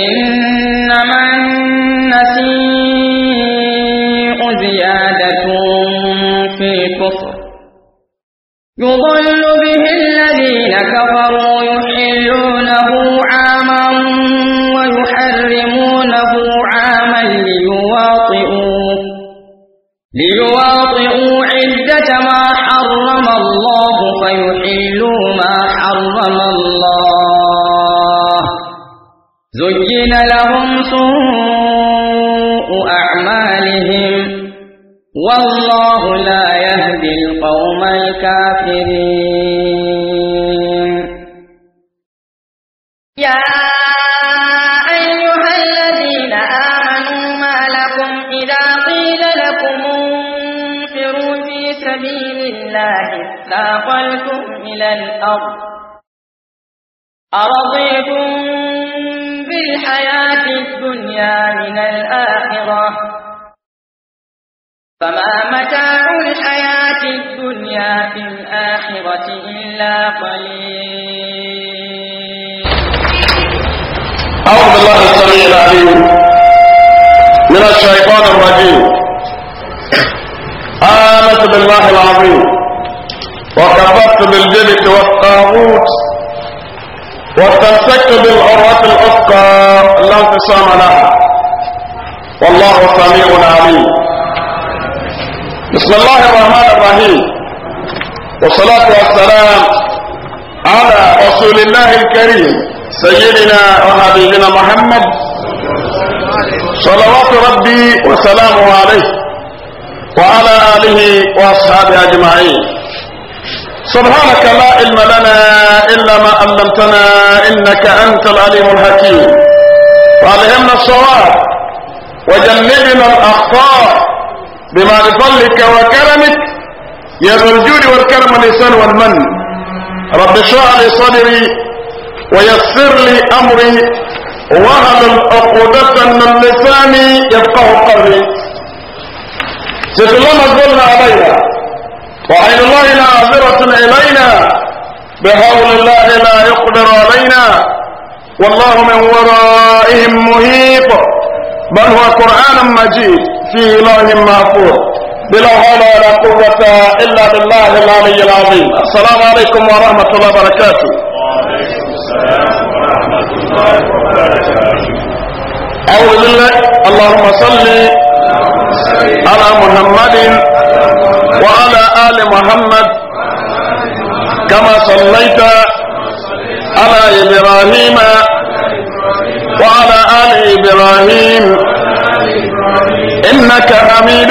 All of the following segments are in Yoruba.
إنما النسيء زيادة في الكفر يضل به الذين كفروا يحلون الكافرين يا أيها الذين آمنوا ما لكم إذا قيل لكم انفروا في سبيل الله اثاقلتم إلى الأرض أرضيتم بالحياة الدنيا من الآخرة فما إلا قليل أعوذ بالله السميع العليم من الشيطان الرجيم آمنت بالله العظيم وكفرت بالجبت والطاغوت واستمسكت بالعروة الأفقى لا انقسام لها والله سميع عليم بسم الله الرحمن الرحيم والصلاة والسلام على رسول الله الكريم سيدنا وحبيبنا محمد صلوات ربي وسلامه عليه وعلى آله وأصحابه أجمعين سبحانك لا علم لنا إلا ما علمتنا إنك أنت العليم الحكيم وعلمنا الصواب وجنبنا الأخطاء بما بفضلك وكرمك يا ذا الجود والكرم والإحسان والمن رب اشرح لي صدري ويسر لي أمري وهل عقدة من لساني يفقه قولي سيد الله مزبول علينا وعين الله ناظرة إلينا بحول الله لا يقدر علينا والله من ورائهم مهيط بل هو قرآن مجيد في إله محفوظ بلا حول ولا قوة إلا بالله العلي العظيم السلام عليكم ورحمة الله وبركاته وعليكم السلام ورحمة الله وبركاته أعوذ بالله اللهم صل على محمد وعلى آل محمد كما صليت على إبراهيم وعلى آل إبراهيم إنك حميد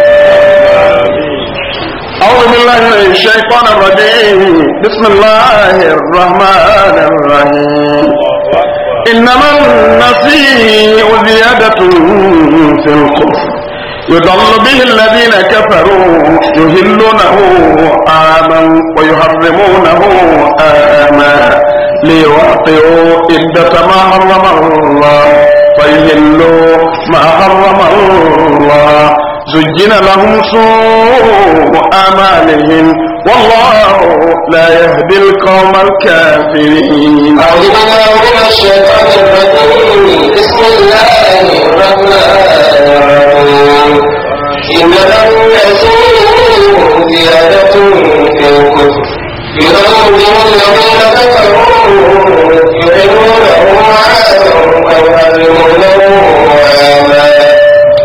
أعوذ بالله من الشيطان الرجيم بسم الله الرحمن الرحيم إنما النسيء زيادة في الخبز يضل به الذين كفروا يهلونه عاما ويحرمونه آما ليعطوا عدة ما حرم الله فيهلوا ما حرم الله زين لهم سوء أعمالهم والله لا يهدي القوم الكافرين أعوذ بالله من الشيطان الرجيم بسم الله الرحمن الرحيم إن لم يزيدوا زيادة في الكفر يضرب الذين كفروا يعلمونهم عادا ويعلمونهم عادا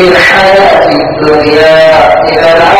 في الحياة الدنيا إلى العالم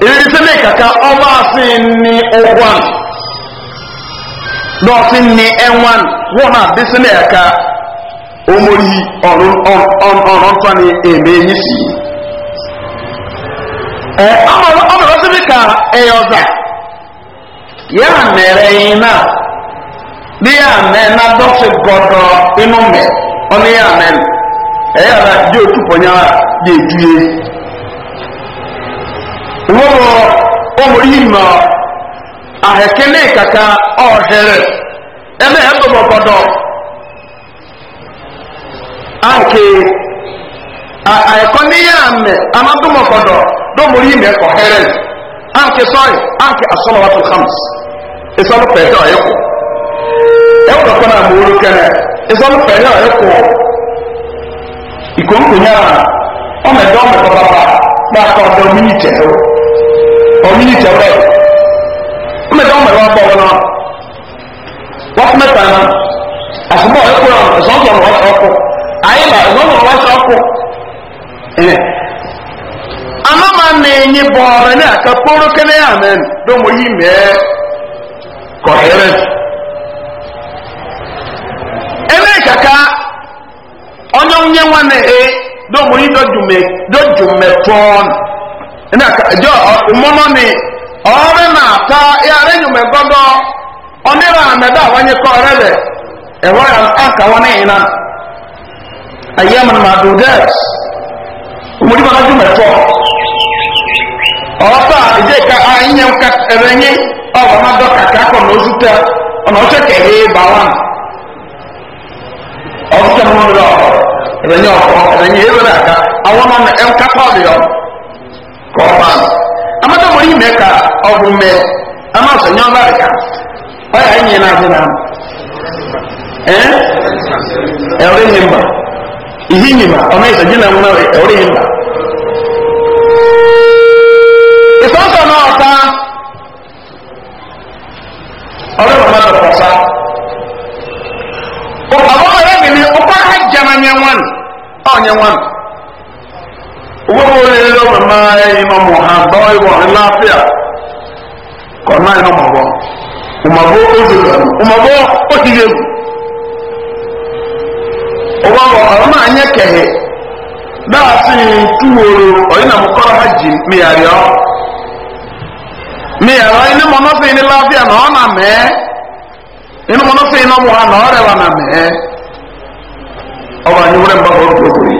ìrírí sẹ́lẹ̀ kàkà ọba ọ ní ọgbọ́n dọ́ọ̀sí ní ẹ̀wọ̀n na àbí sẹ́lẹ̀ kàkà omori ọrụ ntọ́ na-eme yìí sí. ẹ ọmọdé ọmọdé ịyọ ọ ní ya na dị otu yóò túpọ̀ nyára yóò wọ́wọ́ ọmọlímọ̀ a kàkà ọ̀hẹ̀rẹ̀ ẹ̀mẹ́ ẹ̀bọ̀bọ̀bọ̀dọ̀ àǹkè àhẹ̀kọ́níyàmẹ̀ amadúmọ̀bọ̀dọ̀ lọ́mọlímọ̀ ẹ̀kọ̀ hẹ̀rẹ̀ àǹkè sọ́ọ̀yì àǹkè asọ́lọ́wàtò hams ìsọ́lù pẹ̀lú ọ̀yẹ́kọ̀ ẹ̀wọ̀dọ̀ kọ́nà àmúhóró kẹrẹ ìsọ́lù pẹ̀lú ọ̀yẹ́kọ̀ ìkòǹkò nyára ọmọ ẹ̀dọ́ ọmọ ẹ̀kọ́ ọ̀dọ́ mílítẹ̀ẹ́rọ̀ ọmọnì tẹ̀wé ọmọdé ọ ẹ̀rọ ọgbọ̀ wọn wọ́n mẹ́ta náà àsùnbọ̀ ẹ̀kọ́ náà ẹ̀sọ́nsọ̀ ọmọ ọ̀ṣọ́ ọkọ̀ ayé bá ẹ̀sọ́nsọ̀ ọmọ ọ̀ṣọ́ ọkọ̀ ẹ̀ anọ́mà nìyí bọ̀ọ̀rẹ̀ ní àkàkóró kẹ́lẹ́ àmẹ́n dọ́mọ yìí mẹ́ẹ́ kọ̀hẹ́rẹ́ ẹ̀rẹ́ ina jo mmono ni ọrẹ na ata yàrá enyuma gbọdọ ọnira amẹdá wọnyẹ kọ ọrẹ bẹ ẹwọ yà aka wọn ní iná ayé mu ma do dẹ ọmọdé bá dájú mẹtọ ọlọpà ìdí ìka ayé nka ẹbẹ nyi ọwọ má dọ kàkà kọ ní oṣù tẹ ọnà ọsẹ kẹhẹ bá wà ọsẹ mu ní ọwọ ẹbẹ nyi ọkọ ẹbẹ nyi ẹbẹ dàka àwọn ọmọ ẹnka pàdé ọmọ kɔɔba ama dɔn wɔn yi mɛ ka ɔhun mɛ ama sɔ nyɔn ba ka ɔyɛ ayi nyɛ n'ase na ɛn ɛwɔre nyɛ mba ihi nyɛ mba ɔmɛ sɔ gyina mu na ɛwɔre nyɛ mba ìsɔnsɔn náà ɔta ɔbɛ wɔn ma dɔkɔ sa ɔbɔ ɔyɛ bi ni ɔkɔ ha gyama nyɛ wan ɔnyɛ wan gbogbo rere lọ mọ̀mọ́ ẹ̀yìnmọ̀ mọ̀hàbọ́ ìwọ̀ ńláfíà kọ̀ọ̀nà ìnà mọ̀bọ́ ọmọbọ́ òṣèlú ọmọbọ́ ó ti yẹ ọwọ́ ọ̀rọ̀ náà nyẹ kẹ̀hẹ́ dáa sí túwòrò ọ̀yìnà mọ̀kọ́rọ̀ hajj mìyàrá mìyàrá iná mọ̀nà sí ní láfíà náà ọ̀nà mẹ́ iná mọ̀nà sí iná mọ̀hà náà ọ̀rẹ́wà náà mẹ́ ọba anyiwúrẹ́ mbà bọ̀ ọ́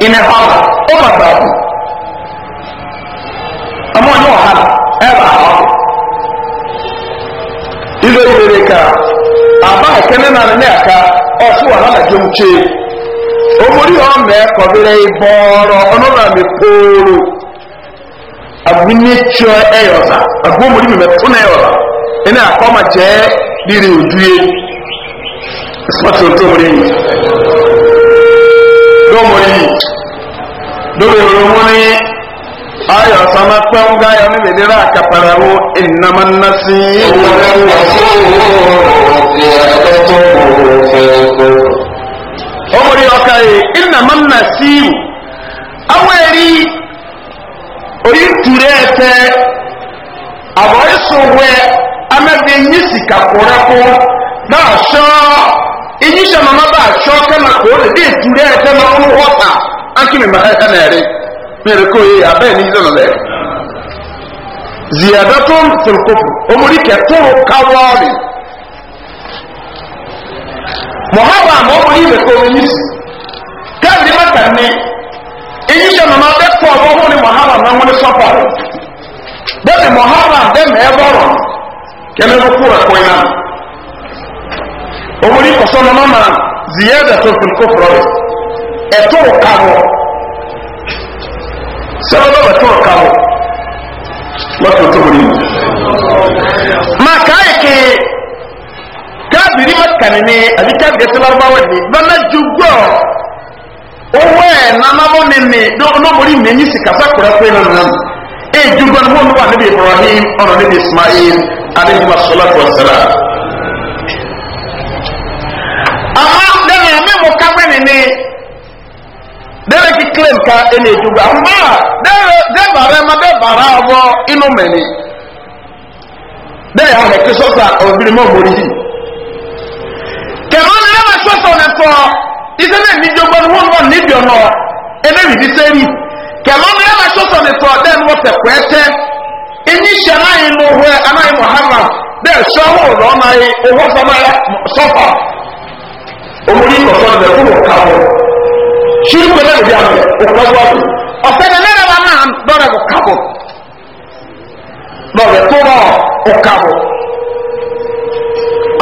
ina hama a hàn ilé ìrere ka àbá ìkẹ́ni náà ní ẹ̀ka ọ̀sùn wà lánàá jẹun ṣe omori ọmọ ẹ kọbẹrẹ ìbọrọ ọlọ́nà mi kóró àbúnítsọ ẹ yọ̀ọ̀sà àbúmọ̀rí mi mẹ́tún ẹ yọ̀ọ̀sà dɔmɔ yi lórí ayo ní ayọ̀ sọ́nà ya gáyọ̀ níbi ìlera àkàpàrà wo ìnàmà ńlá sí i. ìnàmà ńlá sí i ní ẹ̀rọ tó kù fẹ́ẹ́kọ́. ọmọdé ọkà eyi sɛ mama ba ahyɛ kama kɔɔ na dee tu dɛ ɛtɛ ma ɔmo hɔ ta anki mi ma ɛka na ɛre na ɛre kɔ yie abɛɛ ni sɛ na bɛɛ ziyadatun filkofu omori kɛtoro kawaari mɔhaba a mɔmɔ yi bɛ kɔɔ yi si kɛri ma ta ne eyi sɛ mama bɛ kɔ ɔbɔ ho ni mɔhaba na ho ni sɔfa bɛ ni mɔhaba bɛ mɛ ɛbɔrɔ kɛmɛ bɛ kó ɛkɔ omuli kɔsɔnɔ mama ziyada tó fi kó fúlɔ ɛtó kàwɔ sɛbɛbɛ bɛ tó kàwɔ wɔtò tó wuli ma káyì ké kábìrì ma kàní ni àbí kábìrì sábàbáwò ni lọ́nà jugbọ́ owó ẹ̀ nanabó ni mi lọ́mọdé mi ní sikasa kúrẹ́kúrẹ́ nínú náà ee jugbọ́ ni e mo ní wà níbi ibrahim ọ̀nà níbi ismail aleyhi wa salatu wa salam. dẹ́rẹ́ kí claim ka ẹni ìjọba àmà dẹ́bàrẹ́ ma dẹ́bàrẹ́ àwọ inú mẹ́ni dẹ́yà rẹ̀ kí sọ́sà ọ̀bìnrin mọ́ mọ́ yìí kẹ̀rọ ni lẹ́wà sọ́sà ọ̀nà tọ́ iṣẹ́ náà ní ìjọba ni wọ́n wọ́n níbi ọ̀nà ẹni rìbí sẹ́rí kẹ̀rọ ni lẹ́wà sọ́sà ọ̀nà tọ́ dẹ́nu wọ́n fẹ̀ pẹ́ẹ́tẹ́ ẹni ṣe aláyìn ní òwe aláyìn muhammad dẹ́ẹ̀ sọ́wọ́ ọ̀rọ̀ náà owó sọ́fà ọmọ yìí kọ̀ sọ́ọ̀ siri kò náà lè di àmì òkú ọgbà ọdún ọ̀sẹ̀ ní náírà bá máa lọ́rẹ̀ kò kábọ̀ lọ́rẹ̀ tó bọ̀ kò kábọ̀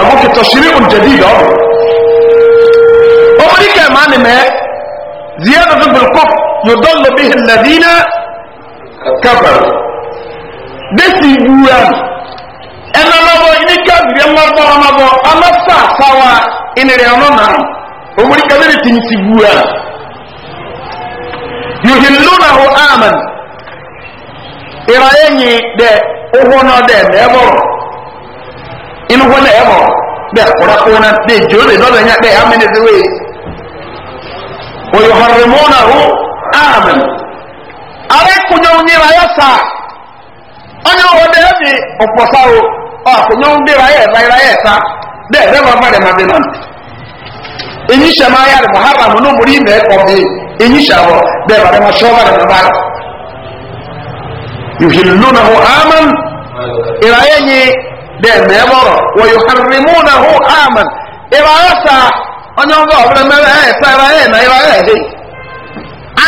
àwọn kìtọ̀ siri kò jẹ̀bi ìdá ọ̀dọ̀ ọmọdé kẹ̀ máa nìmẹ́ ziyada tó bẹ̀rẹ̀ kọ́ yóò dọ́ lọ bí hìlẹ̀dínà kábọ̀ dẹ́sì wúra ẹnà ọmọbọ ní kábìrì ọmọbọ ọmọbọ ọmọ fà fáwa ìnìrẹ̀ ọmọ náà ọmọdé kẹ̀ bẹ̀rẹ̀ tì yuhillunahu aman irayenyi de ohono de mebo inhona ebo de kora kona de jole no nya de amene de we wa yuharrimunahu aman are kunyo nyira yasa onyo wode bi oposawo o kunyo ndira ye raira yesa de de ba ba de ma de non muharram no muri me ko èyí ṣàwọ̀ bẹ́ẹ̀ bá dẹ́mọ̀ ṣọ́ọ́bà rẹ̀ bàbá rẹ̀ yuhillunahu aman ìráyé yé dẹ́ẹ̀ mẹ́mọ́rọ̀ wọ yuharrimunahu aman ìráyé sa ọnyọ́ngọ́ ọ̀bẹ̀rẹ̀ mẹ́rẹ̀ ẹ̀ sa ìráyé na ìráyé ẹ̀dẹ́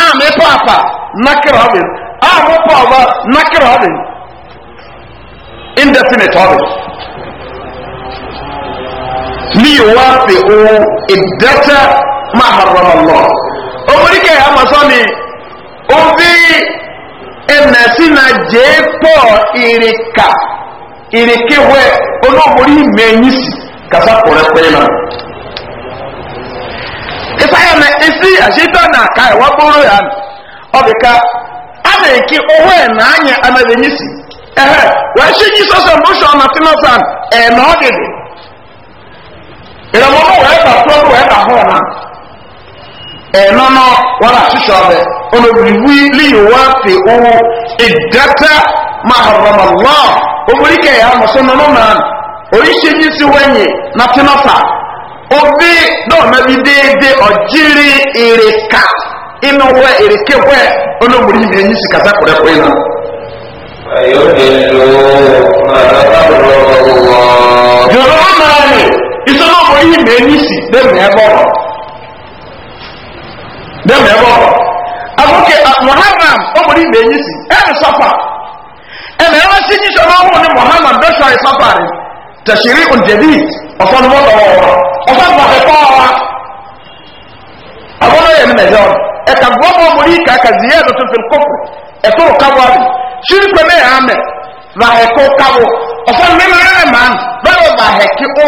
àmì pàpà nàkìrọ̀ ọ̀bìn àmì pàpà nàkìrọ̀ ọ̀bìn indefinite ọ̀bìn liyuwafi'u iddata ma harrama Allah omorike amasoni ovi enasi na jeepo irika irikewe olomori menyisi kasa kpọrẹpẹrẹ na isaya na esi asita na aka ewa boro ya ọbika a na-eke owe na anya anabenyisi ehe wee na tinosan ee na ọ dịdị ìrọmọmọ wee bá tó wee bá hụ ẹ̀nọ́nà wọn àṣìṣe ọbẹ̀ olùbìwí líyìnwá fi owó ìdẹ́tẹ́ máa rọ̀mọ̀ lọ́ omoríkẹ̀ ẹ̀yà mọ̀sánná náà oríṣiríṣi na wẹ́yìn nàtínọ́fà obi dọ́ọ̀nà bíi déédéé ọ̀jírí ìrìkà inú dẹ́mẹ̀ ẹ̀bọ̀ agoke muhammad ọmọdé ìgbà èyí sí ẹ̀rì e sọ́pà ẹ̀mẹ̀ ẹ̀rọ sí yíṣọ́ náà wọ́n ní muhammad bẹ́ṣọ́ àyè sọ́pà rẹ̀ tẹ̀sírí òǹdẹ̀bí ọ̀fọ́n ni wọ́n lọ́wọ́ wọn ọ̀fọ́n kò fẹ́ kọ́ wa àwọn ọ̀yẹ̀ mìíràn yọ ẹ̀ka gbọ́mọ ọmọdé ìkà ẹ̀ka ziyẹ́ ẹ̀dọ̀ tó fi kọ́kù ẹ̀tọ́ káwọ́ rẹ̀ ṣírìkọ́ náà yà á mẹ́ va ẹ̀kọ́ káwọ́ ọ̀fọ́n mímọ́ ẹ̀ máa ń bẹ́ẹ̀ va ẹ̀kí ó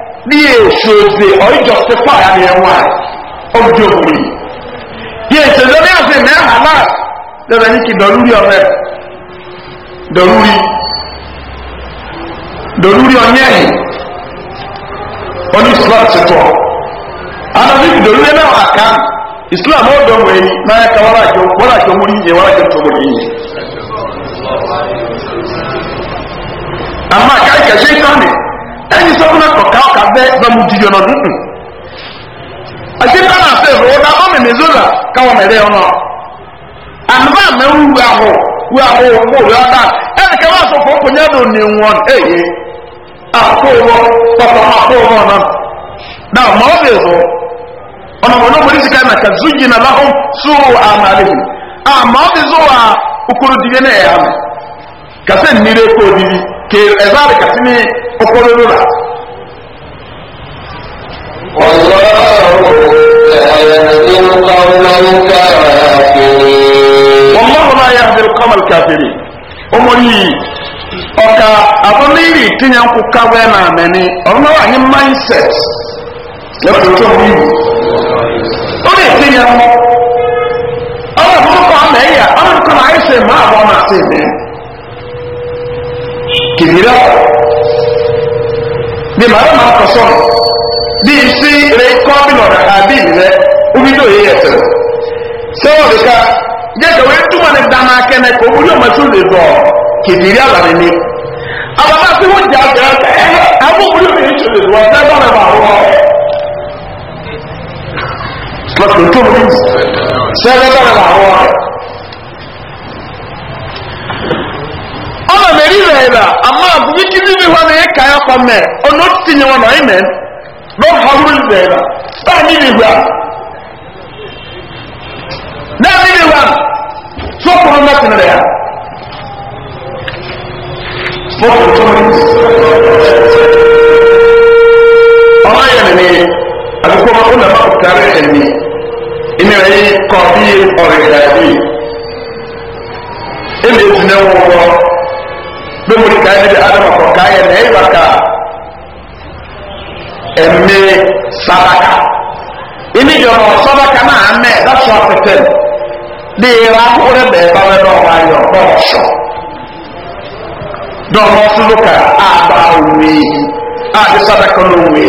ní èso ṣe ọ̀ríjọ ṣe pààyà ní ẹ̀wọ̀n àì ọjọ́ òní yí èso ṣe ní àṣẹ mẹ́hà náà lọ́dọ̀ ní kí dọ̀lúrí ọ̀rẹ́ dọ̀lúrí dọ̀lúrí ọ̀nyẹ́ yìí oní islam ti tọ̀ anabi dọ̀lúrí náà àká islam ó dọ̀ wẹ̀ yìí náà ẹ̀ka wọ́n àjọ wọ́n àjọ múrí yìí wọ́n àjọ tọ̀wọ̀ yìí àmọ́ àkàkẹ́ ṣe é tán ni. ẹni sọ fún ọkọ̀ káàkà bẹ́ bámu jíjọ náà dúdú àṣípá náà fẹ́ ìrọ̀wọ́ ọmọ mi zọ́là káwọn mẹ́rẹ́ ọ̀nà àmọ́ mẹ́wù wí àhọ wí àhọ wọ wí ọ̀tá ẹni kẹ́ sọ fún ọkọ̀ nyẹ́ dùn ní wọn èyí àkóòwọ́ pọ̀pọ̀ àkóòwọ́ náà wọn náà nàkà mi zọ wà náà kèrò ẹ̀zá àbẹ̀kà sí ní ọkọ̀lẹ́ lóra. Ọlọ́run náà yà àbẹ̀rẹ̀ kọ́mọ̀lì kàfèrè. Ọmọ yìí ọ̀ka àbọ̀lẹ́rì tìnyẹ ń kó káwé náà mẹ́ni ọ̀run náà wà ní mindset tó ń yìí. Ó lè tìnyẹ ń mọ́. kìbìrà bí màrá màá kọ sọ bí sí rẹ kọ́ bí lọ́dà àbí rẹ omi tó yẹ ẹsẹ̀ sẹ́wọ̀n bí ká yẹ kẹwé túmọ̀ ní dáná kẹ́nẹ́ kó omi yóò máa tún lè dọ̀ kìbìrà làrí ni àwọn bá tí wọ́n jà jà ẹ àwọn omi yóò máa tún lè dọ̀ ọ̀sẹ̀ bọ́ọ̀lù bá wọ́ lọ́sọ̀tún mi sẹ́wọ́n bọ́ọ̀lù bá wọ́ ọmọ mẹ́rí rẹ̀ rà àmọ́ àbúrú kí bíbí wọn ní ẹ̀ka ẹ̀kọ́ mẹ́ ọ̀nà tí ni wọn náà ẹ̀mẹ́ lọ́n ha wúlò rẹ̀ rà náà ní ìwà náà ní ìwà tí ó kọ́ ọmọ tìǹrẹ̀ yà. mọ́tò tó ń ọmọ yẹn ni àdúgbò ọmọ ọmọ ọmọ kárẹ̀ ẹ̀mí ìnira yìí kọ́ bí ọ̀rẹ́ ìdá yìí èmi ètùnẹ́ wọ̀ wọ́ lórí ká ẹni bí adama kọ ká yẹ ní ẹyìnbá ká ẹmí sábàkà ìní ìjọba sábàkà náà mẹ dáṣọ àpẹtẹ ní ìrà àkókò bẹẹ bá wẹ náà wà yọ bọọ sọ dọwọ sọlọkà àbá òwe àbí sábàkà ló wé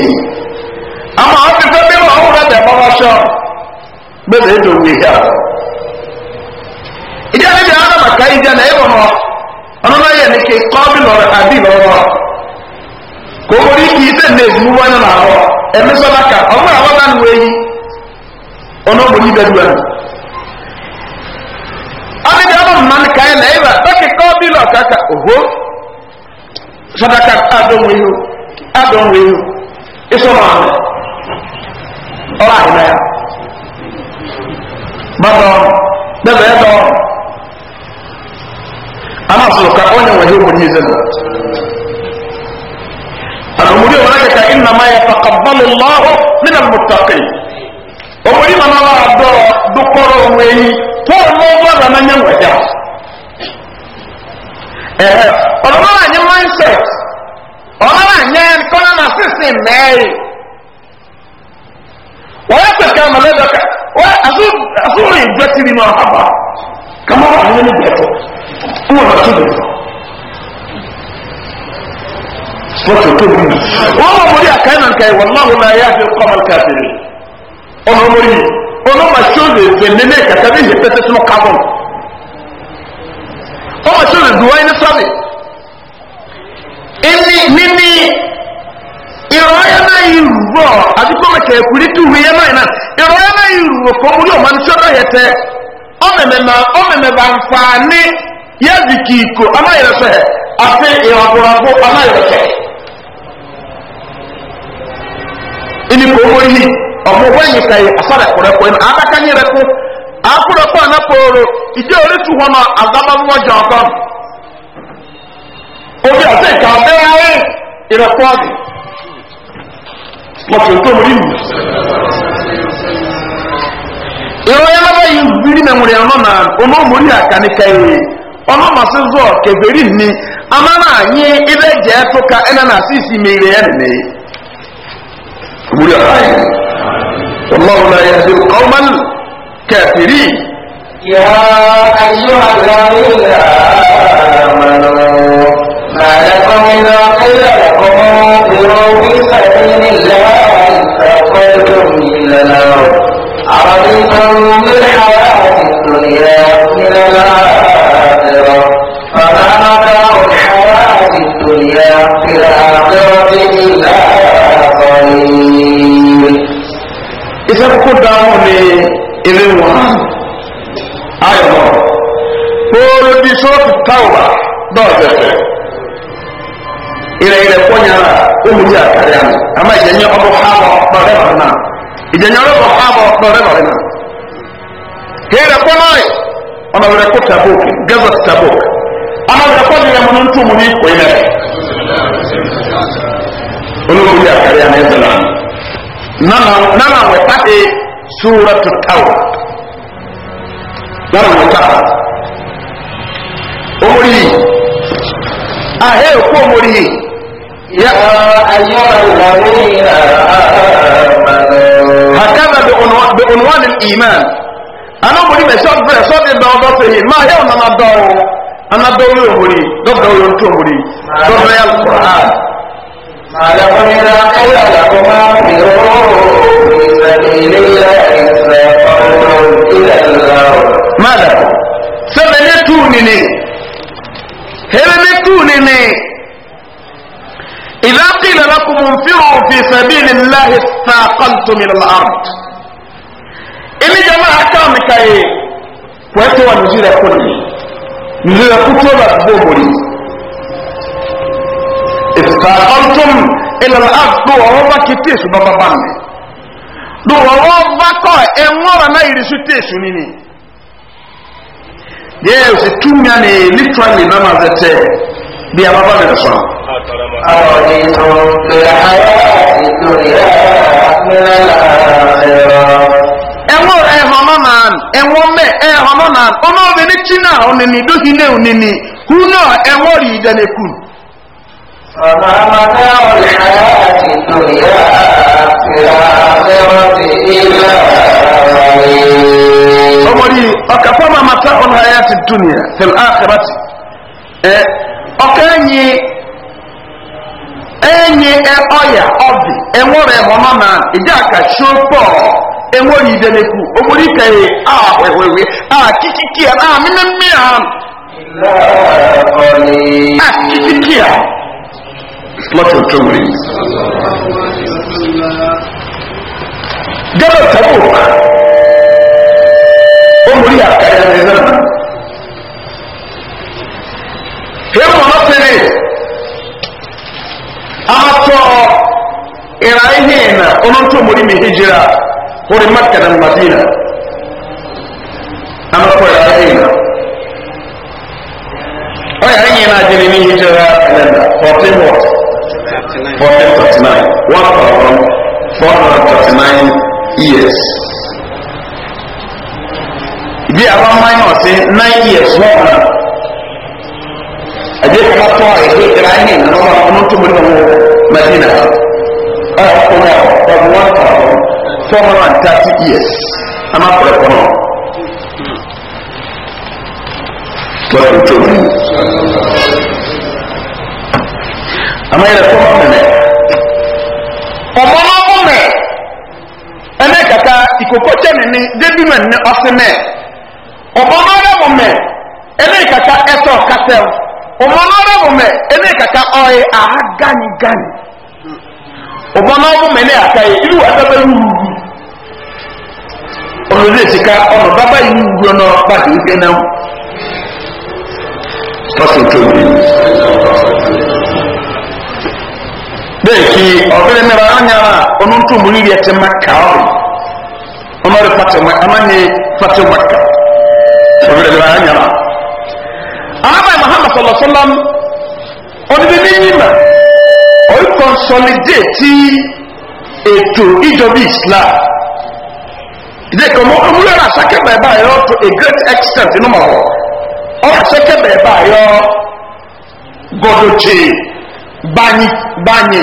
àmọ àwọn ti fẹ bí wọn àkókò bẹẹ bá wọ sọ bẹẹ bẹẹ dọwọ yẹ ìjọba ìjọba adama ká ìjọba ẹyìnbá náà ọmọdé yẹ ní kí kọ́ọ̀bì lọ́rọ̀ àbí lọ́wọ́ kò ó rí kì í sẹ́ ní ègbú wọn náà wọ ẹ̀mí sọ́dá ká ọmọ àwọn bá ń wọ èyí ọ̀nà òmò yìí bẹ́ẹ̀ dùn. ọmọdé ọmọ mọ̀ ní káyọ̀ náà ẹ̀rọ bẹ́ẹ̀kì kọ́ọ̀bì lọ kàkà òhó sọ́dá ká àdóhùn àdóhùn èyí ìsọ̀rọ̀ àmì ọ̀rọ̀ àyìnlá yà bàbá bẹ́ẹ̀ bẹ́ẹ̀ ana so ka onya wahi mu ni zan al-umuri wa laka inna ma yataqabbalu Allah min al-muttaqin umuri ma wa do do koro weyi to mo ba na nya wahi eh ona na nya mindset ona na nya kona na system nei wa yatakamalaka wa azur azur yajtiri ma haba kama wa ni beto wọ́n lọ tóbi wọ́n tó tóbi wọ́n mọ̀ mórí àkàyè náà kàyè wọ́n náà wọ́n ayé àti ọkọ̀ ọmọlẹ́kà tẹ̀lé ọmọ mórí ọmọ mà ṣó lè ní ìkàtà bí ìhè pẹ́tẹ́ ẹni níní náà yìí àdúgbò ẹ̀kúrí náà náà yìí yẹ́dì kì í kò amáyẹ̀rẹ̀fẹ́ àti ìràkùràkù amáyẹ̀rẹ̀fẹ́. Ìní kò wọ́n yìí ọmọ wọ́n yìí kàyé afárẹ̀ kùrẹ́kù ẹ̀nà àtàkànyé rẹ̀ kú. Àkùrẹ́kù àná pòrò ìdí orí tu ọ náà àdámọ́mọ́ jẹ ọ̀gá. Obi àti ìka abẹ́rẹ́ ìrẹ̀kù ọ̀dì. Wọ́n ti tó mú yìí. Ìrọ̀ yẹn ọmọ màsí zọ kẹfẹrí ni amára anyi ilé jẹ ẹtùkà ẹnna nà sísì mèrè ẹnìní. wúlò ọ̀rá yẹn ọlọ́run náà yẹ kí ọmọlù kẹfẹrí. yà á yọ àgbà nílẹ̀ àmàlà màdà kọ́mínà kílẹ̀ kọ́mọ́ ìrọ̀ wíṣà nílẹ̀ ìfẹ́kọ̀ọ́ ìlànà àwọn ìfọ̀rọ̀ mílíọ̀nù àti ìtòlẹ́yà nílẹ̀. الآخرة إلا قليل إذا كنت أمني إلى وهم أيضا قول بسوط التوبة دوزة إلى إلى قنيا أمجا كريم أما إجاني أبو حابة ضربنا إجاني أبو حابة ضربنا هنا قناي أنا بقول تبوك جزت تبوك أنا بقول لمن أنتم مني قيمة olóòwò yà kárí àná ẹ̀sẹ̀ náà nana wẹ̀ pàdé sóòrà tó na nana wẹ̀ na omori yìí na òkú omori na yà ayé na yà hakama bi onwani iman ana omori bɛ na bɛ sɔɔ na dɔɔ dɔɔ na maa yɛ na dɔɔ ana na yɛ omori na dɔɔ yɛ na omori na ما لهم إذا قيل لهم أنفروا في سبيل الله سيقولون إلى الأرض ماذا؟ سمعتونني هرمتونني إذا قيل لكم انفروا في سبيل الله استاقلتم إلى الأرض إلي جماعة كامكاي ويتوى نزيل كل نزيل كتوبة بوبولي فأقلتم إلى الأرض دو ووضع كتيش بابا بامي دو ووضع كو إنورا نايري nini. Yes, tunyane literally mama zete na ababa ne so. na bil hayati dunya min al akhirah. Enwo e hono nan, enwo me e hono Ono be na onini na فما منع الحياة الدنيا في الآخرة إلا Omori ọkà fọ́mà mata ọ̀nàyà ti dùnìyà fìl ákìrátì. Ọkà ẹ̀yìn ẹ̀yìn ẹ̀ ọ̀yà ọ̀bì ẹ̀wọ̀rọ̀ ẹ̀họ́ mọ́mà ìjà àkà ṣọ́pọ̀ ẹ̀wọ̀rọ̀ ìdẹ́nẹ́kù. a kẹ̀yẹ àwẹ̀wẹ̀wẹ̀ àkíkíkíà àmì mímí àmì. A ọ̀lẹ́. mọ́tòótó wuli. jẹ́bẹ̀ tàbí ó múlí àkàyà ní náà. hẹ́mù ọ̀sẹ̀rẹ̀ amatọ́ ìrà ihe ìnà onótó múlí mi hijira orí mẹ́kà na madina amatọ́ ìrà ihe ìnà. ọ̀yà ẹ̀yìn náà jẹ́ ní hijira ẹ̀nà ọ̀tí mọ́. Four four hundred hundred thirty-nine. thirty-nine years bí a bá minus nine years wọ́n na ẹ̀dí kan tọ́ èdè ìráyìn nínú ọmọ ọmọ tó mú nínú mẹ́tìnà ẹ̀ ọkùnrin ẹ̀ ọ̀pọ̀ wọn kọ̀ four hundred and thirty years a máa pẹ̀lẹ́ pọ̀ náà. ama yɛrɛ fɔ mɛmɛ ɔmɔ mɛ ɛnɛ kata ikoko kyɛ nini debi mɛ nini ɔsi mɛ ɔmɔ kata ɛtɔ katɛw ɔmɔ n'ɔrɛ mo mɛ ɛnɛ kata ɔyɛ aha gani gani ɔmɔ n'ɔmɔ mɛ ɛnɛ ata yɛ iru adaba yi wuwu ɔlɔdi yi ba beki ọbẹrẹ mẹba anyara ọnu ntu mu riri ẹtẹ maka ọrọ ọnu ọrẹ fati maka amanye fati maka ọbẹrẹ mẹba anyara anabai muhammad sallallahu alaihi wa sallam ọdidi ni yima ọyí kọnsọlidéètì ètò ìjọba islam ìdíkọ mọ ọmúlẹ́rà sákẹ́bẹ̀ẹ́ báyọ̀ to a great extent inú mọ̀ ọ́ ọ̀rọ̀ sákẹ́bẹ̀ẹ́ báyọ̀ gọdọ̀jì báyìí báyìí.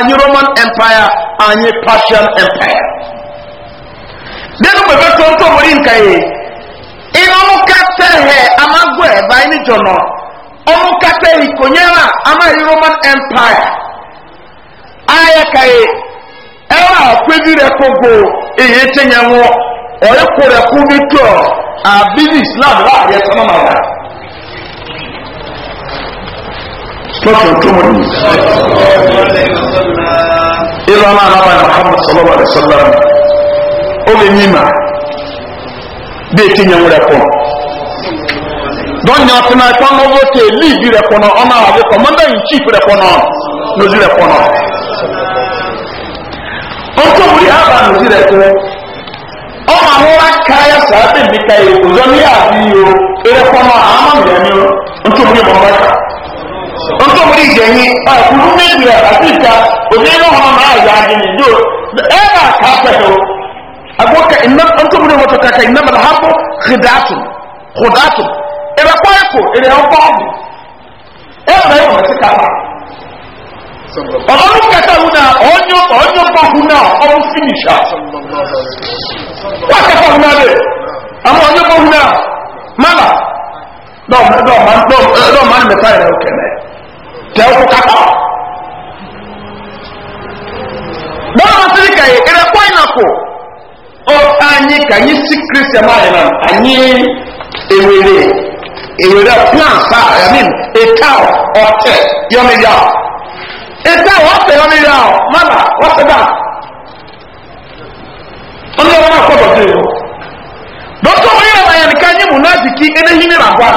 anyi roman empire anyi persian empire dẹ́nu pẹ̀pẹ́ tó ń tó wọlé nǹkan yìí inú kẹtẹ hẹ amago ẹ̀ báyìí níjọ náà ọmú kẹtẹ ìkònyẹ́rà amáyí roman empire ayẹ kàyé ẹwà àkwébi rẹ kógo èyí tẹ yẹn wọ ọyẹ kó rẹ kú ní tó àbíbí islam wà àyẹ sọmọ náà wà. إلا ما نبع محمد صلى الله عليه وسلم أمي ميما بيتي نمرة كون don ya kuna kwano wote lead re kono ona wa commander in chief re kono no zire kono onto muri aba no zire to Ọ ma ho wa kaya sa be mi kai uzo ni abi yo e ama nso mo di jẹnyi a kuru mebi a ati ka obi ne ho na ayɛ adi ni do ɛ na ka pɛtɛ o agbo ka nna nso mo de wɔtɔ kaka nna ma na ha bo hidaatu hodaatu ɛbɛ kɔ ɛko ɛdi ɛwɔ kɔ ɔbi ɛ na ɛwɔ na ti ka ba ọlọ́run kẹta wù náà ọ̀nyọ́ ọ̀nyọ́ bá wù náà ọ̀hún fínísà wà kẹta wù náà dé àwọn ọ̀nyọ́ bá wù náà mọ́nà náà máa ń mẹ́ta yẹn kẹ́lẹ́ tẹ́ ọkọ̀ kakọ́. bọ́lá wọn sílíkà yìí eré pọ́ìnàpù ó anyi kàyí sí kírísítẹ̀mù ayé náà anyi ewéré ewéré plan sa i mean ètà ọ̀tẹ̀ yọmíyà ètà ọ̀tẹ̀ yọmíyà mọ́nà wọ́sẹ̀dá ọ̀nà wọn kọ́ dọ̀tẹ̀ yìí dọ́tọ̀ wọ́n yẹ ọ̀nà yẹn nìkan yẹ mùnáfìkì ẹni hìnnìrà gbà.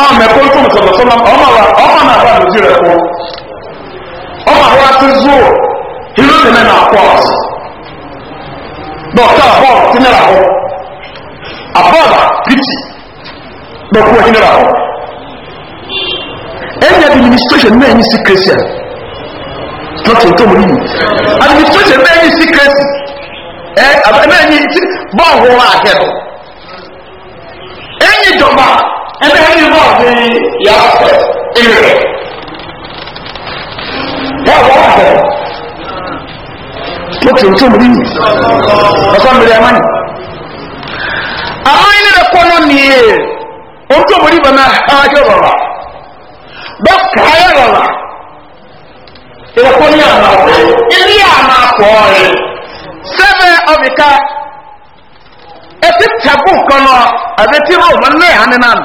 ọmọ ẹ̀kọ́ tó mọ̀tọ̀ sọ́lá ọmọ wa ọmọ náà bá lójú rẹ̀ kú ọmọ àwọn àti zoo hero ti mẹ́nà pọ́s dọ́kítà bọ́ọ̀ ti mẹ́ra hó àbọ̀dà pìtì dọ́kú ẹ̀kí mẹ́ra hó administration náà ní secrecy à lọ́tọ̀ tó mọ̀ nínú administration náà ní secrecy ẹ̀ ẹ̀ náà ní bọ́ọ̀ wọn ẹgbẹ́ yìí bọ̀ ní yàtọ̀ ìrẹ̀ yàtọ̀ àtẹ̀ tó kìí tó mìíràn ọ̀sọ́ mìíràn ẹ̀mọ́ ni. àwọn yìí lè kọ́nà nìyẹ ohun tó mìíràn bẹ̀rẹ̀ ẹ̀jẹ̀ rọ̀rọ̀ bẹ́ẹ̀ káyọ̀ rọ̀rọ̀ ìrẹ̀kọ́ ní àmà ọ̀rẹ́ ilé àmà àpọ̀ ọ̀rẹ́ sẹ́fẹ̀ ọ̀bìkà ẹtí tẹ̀bù kan lọ àbẹ̀tí rò wọn lé ànínà nù.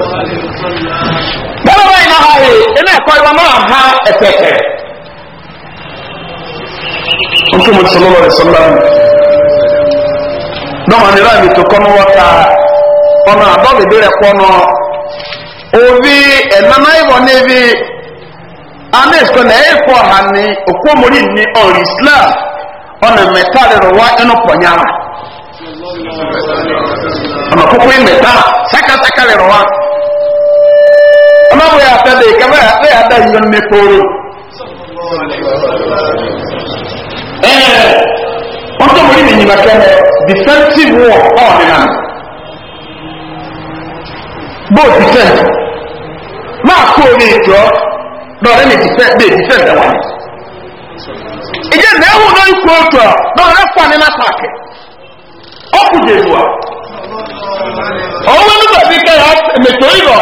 bẹ́ẹ̀ báyìí náà ha yìí ẹ̀nà ẹ̀kọ́ ìwà máa ha ẹ̀tẹ̀ẹ̀tẹ̀. Nkú mu sọlọ́ lọ́rẹ̀ sọlọ́ mi. Dọ́mọ̀ ní ráàlì tó kọ́ mọ́ wọ́ta ọ̀nà àbọ̀bìbí rẹ̀ pọ̀ nọ. Òbí ẹ̀nàmá ìwọ̀ níbi àmì ìsọ̀kọ̀ náà ẹ̀ kọ́ ha ní òkú òmùrí ní ọ̀rọ̀ Islam ọ̀nà mẹ́ta rẹ̀ wá ẹnu pọ̀ nyàrá. Ọ̀nà kúkú ìmẹ̀ta sákàsákà rẹ̀ wá ọmọ bọ̀ yà fẹ́ bẹ́ẹ̀ kẹfẹ́ ẹ̀ yà dá yìí lọ́nà mẹ́kọ́rọ́. ẹ̀ẹ́ wọ́n tó mọ̀ ní mi nyìmá defensive war ọ̀ ní nà. bó defend máa kó o ní ìjọ lọ́ọ̀rẹ́ mi defend bẹ́ẹ̀ defend ẹ̀ wá ní. ìjẹ́ ìdẹ́wò náà ń kó o tọ̀ lọ́ọ̀rẹ́ fún mi náà pààkì ọkùnjẹ̀ ìwà. ọ̀hún ló ń bọ̀ bí kẹ́yà mẹ̀tọ́ ìrọ̀.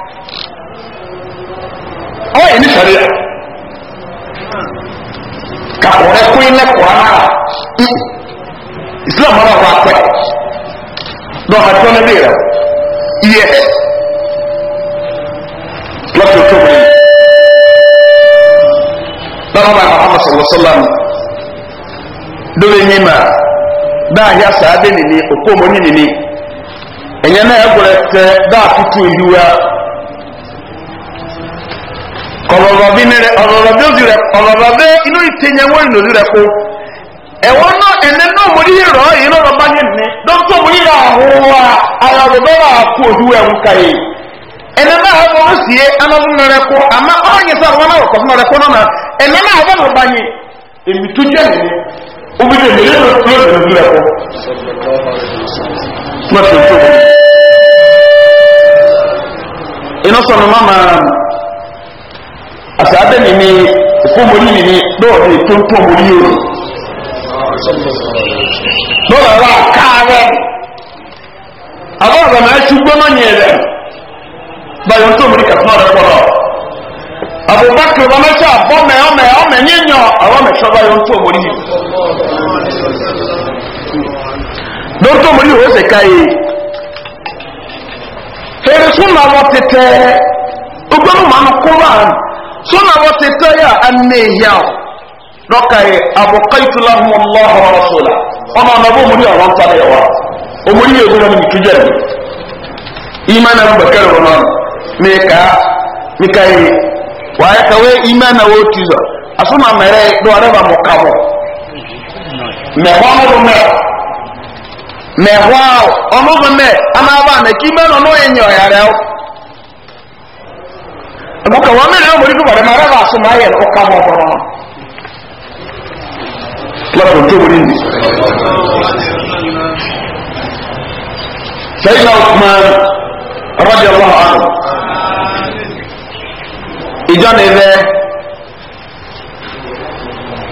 ɔyɛ ɛni sari a kakɔrɛ koe ne kora na islam mana kɔ akpɛ dɔw ka tɔn ne bi yɛrɛ iye lɔtɔ tobiri dɔw b'a muhammad sallallahu alaihi wa sallam bɛ nyi ma daa ya saa de nini o ko mo ni nini ɛnyɛ na yɛ gɔrɛ tɛ daa tutu yiwa ọ̀rọ̀rọ̀ bí mẹ́rẹ̀ ọ̀rọ̀rọ̀ bí ó ti rẹ̀ ọ̀rọ̀rọ̀ bẹ́ inú ìtẹ̀yẹwó ìnòdú rẹ̀ kó ẹ̀wọ́n náà ẹ̀nẹ́ náà mo rí rọ̀ yìí lọ́rọ̀ bá yẹn ní dókítà mo rí rà ọ̀hún wa ara rẹ̀ bẹ́ẹ̀ wà kú òdu ẹ̀hún káyé ẹ̀nẹ́ náà wọ́n mọ̀ sí ẹ anáwó rẹ̀ kó àmọ́ ọ̀yìn sáà wọn náà kọ̀ fún rẹ̀ kó náà ẹ̀nẹ́ náà wọ́n mọ̀ bá yẹn èmi tó jẹ́ mi omi tó lè lọ́rọ̀ lọ́rọ̀ rẹ̀ kó. iná sọ̀rọ̀ máa máa asaade ni ni fomori ni ni dɔw ni tontomori yi o dɔw yɛrɛ b'a kaarɛ a b'a dɔn mɛ ɛsi gbɔmɔ nyɛ dɛ bayo ntomori ka kuma dɛ kɔrɔ abubakar bama sɛ abɔ mɛ ɔmɛ ɔmɛ nye nyɔ awɔ mɛ sɔ bayo ntomori yi dɔw ntomori yi o se ka ye feere sun wɔ tɛtɛ ogbonu maa nu kura. suna wata taya an ne yau lọ́kàrí àbùkáìtìláhùn lọ́hùn rọ́sùlá ọmọ ọ̀nà bó múrí ọ̀rọ̀ ń tàbí ẹ̀wà omúrí yóò gúnra nínú kíjẹ́ rẹ̀ ìmẹ́nà ń bẹ̀kẹ́ rẹ̀ náà na mẹ́ka yìí wà á ya ɛmɔkɛ wɔn mɛlɛ ɔmɔ nipa bɔdɛ mara baa soma yɛ ɔka bɔ bɔdɔ no lɔbɔ tó wuli ni sɛyina ɔkuman rɔdi ɔlɔwɔ ano ìjọ ni bɛ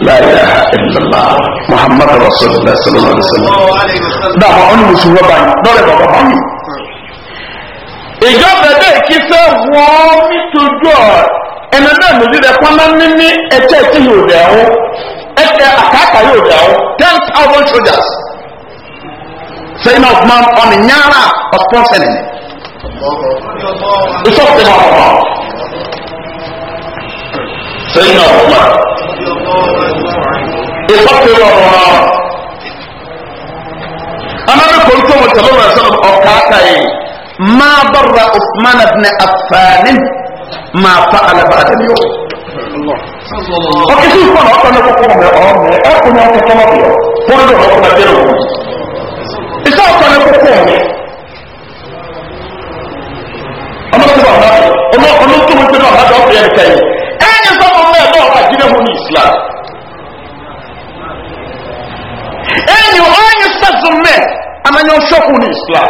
laila ilala muhammadu rasulillah sallallahu alaihi wa sallam dàbɔ ɔni musu wɔ ban dɔlɛ bɔ bɔ ban mi. ìjọba bẹ́ẹ̀ kí sẹ́ wọ́n mi tójú ọ̀ ẹ̀nà náà lójú rẹ̀ pọ́nmá mímí ẹ̀tẹ́ ẹ̀tẹ́ yóò dẹ̀ ẹ̀hún ẹ̀tẹ́ àkàkà yóò dẹ̀ ẹ̀hún ten thousand soldiers sẹ́yìn náà fún ọ̀nà nyára ọ̀pọ̀ sẹ́nẹ̀ ní ìṣọ́ fún ọ̀pọ̀ sẹ́yìn náà fún ọ̀pọ̀ ìṣọ́ fún ọ̀pọ̀ amadu kò ń tó wọn tẹ̀lé wọn sọ ọ̀kàkà yìí. ما ضر عثمان بن عفان ما فعل بعد اليوم ọkì sí ìfọ̀nà ọ̀pọ̀lọpọ̀ ọkùnrin ọmọ ọmọ ọkùnrin ọkùnrin ọmọ ọmọ wọn lọ ọkùnrin ọmọ ẹgbẹ́ ọmọ ìṣe ọkùnrin ọkùnrin ọmọ ọmọ tó wà náà ọmọ ọmọ tó wọ́n ti náà ọ̀nà ọ̀pọ̀ yẹn kẹ́yìn ẹ̀yìn sọ́kọ̀ ọmọ ẹ̀dọ́ ọ̀pá jíde mú ní islam ẹ̀yìn ọ̀yìn sẹ́sùn mẹ́ amẹ́yẹ ọ̀ṣọ́kù ní islam.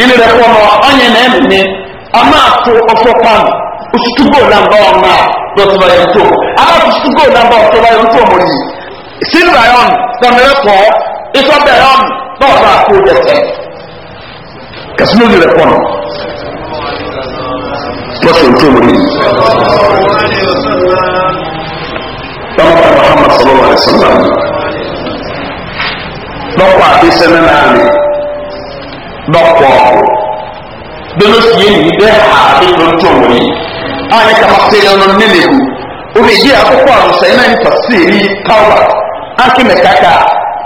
ilé rẹ̀ pọ̀ náà ọ̀nyẹ̀ náà ẹ̀mí ni a máa tó ọ̀fọ̀ pàmò osùtúgbò nàmbà ọ̀nà dọ̀tọ̀bà yẹn tó àbá osùtúgbò nàmbà ọ̀tọ̀bà yẹn tó ọmọ yìí sílùbà yọ̀n tọ̀mẹ̀rẹ̀ pọ̀ ìtọ́bẹ̀ yọ̀n bọ́ọ̀bà kó dẹ̀tẹ̀ kẹsìmọ́ ilé rẹ̀ pọ̀ náà lọ́sọ̀ tó ọmọ yìí. Dọ́kítà Muhammad Sallallahu Alaihi Wasallam lọ́kọ̀ àbí sẹ́mẹ́nà àná dɔkpɔ dono sie ni bɛ ha bi tonto wuli a kama se yɛn no ne o bɛ yi akokɔ alusa yɛn na nipa seeri kawa anke mɛ kaka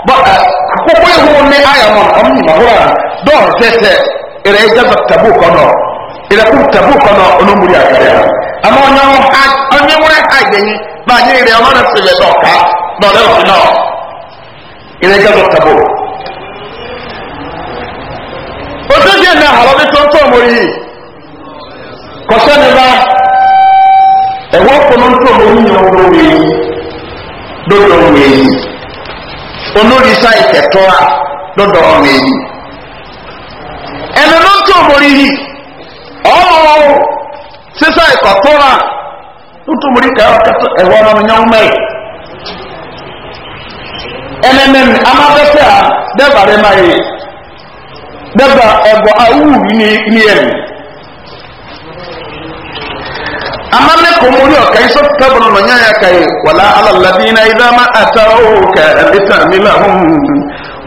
bɔ ɛ akokɔ yɛ ho ne ayɛ mo dɔɔ ɛrɛ yɛ tabu kɔnɔ ɛrɛ kum tabu kɔnɔ ɔno muri akari òjòjì ẹ̀mí àhàrọ̀ ní tó ń tó mórí yìí kọ̀ṣẹ́ ni bá ẹ̀wọ́ kọ́nà tó mórí yẹn wọ́n wọ́n yìí lórí ọ̀hún èyí olórí sá ìkẹtọ́ a lọ́dọ̀ ọ̀hún èyí ẹ̀mí ló ń tó mórí yìí ọ̀hún sísá ìkọ̀tọ́ a tó tó mórí kẹ́kọ̀ọ́ ẹ̀wọ́ ọmọ yẹn wọ́n mẹ́rin ẹ̀mẹ́mẹ́rin amábẹ́fẹ́ a dẹ́gbàrẹ́ máa yẹ daba ɛbɔ awuri ni ni ɛmu ama ne kɔmori ɔka yi sɔti ka bɔlɔ nɔnya ya ka yi wala ala ladina idama atawo ka ɛbita mila hum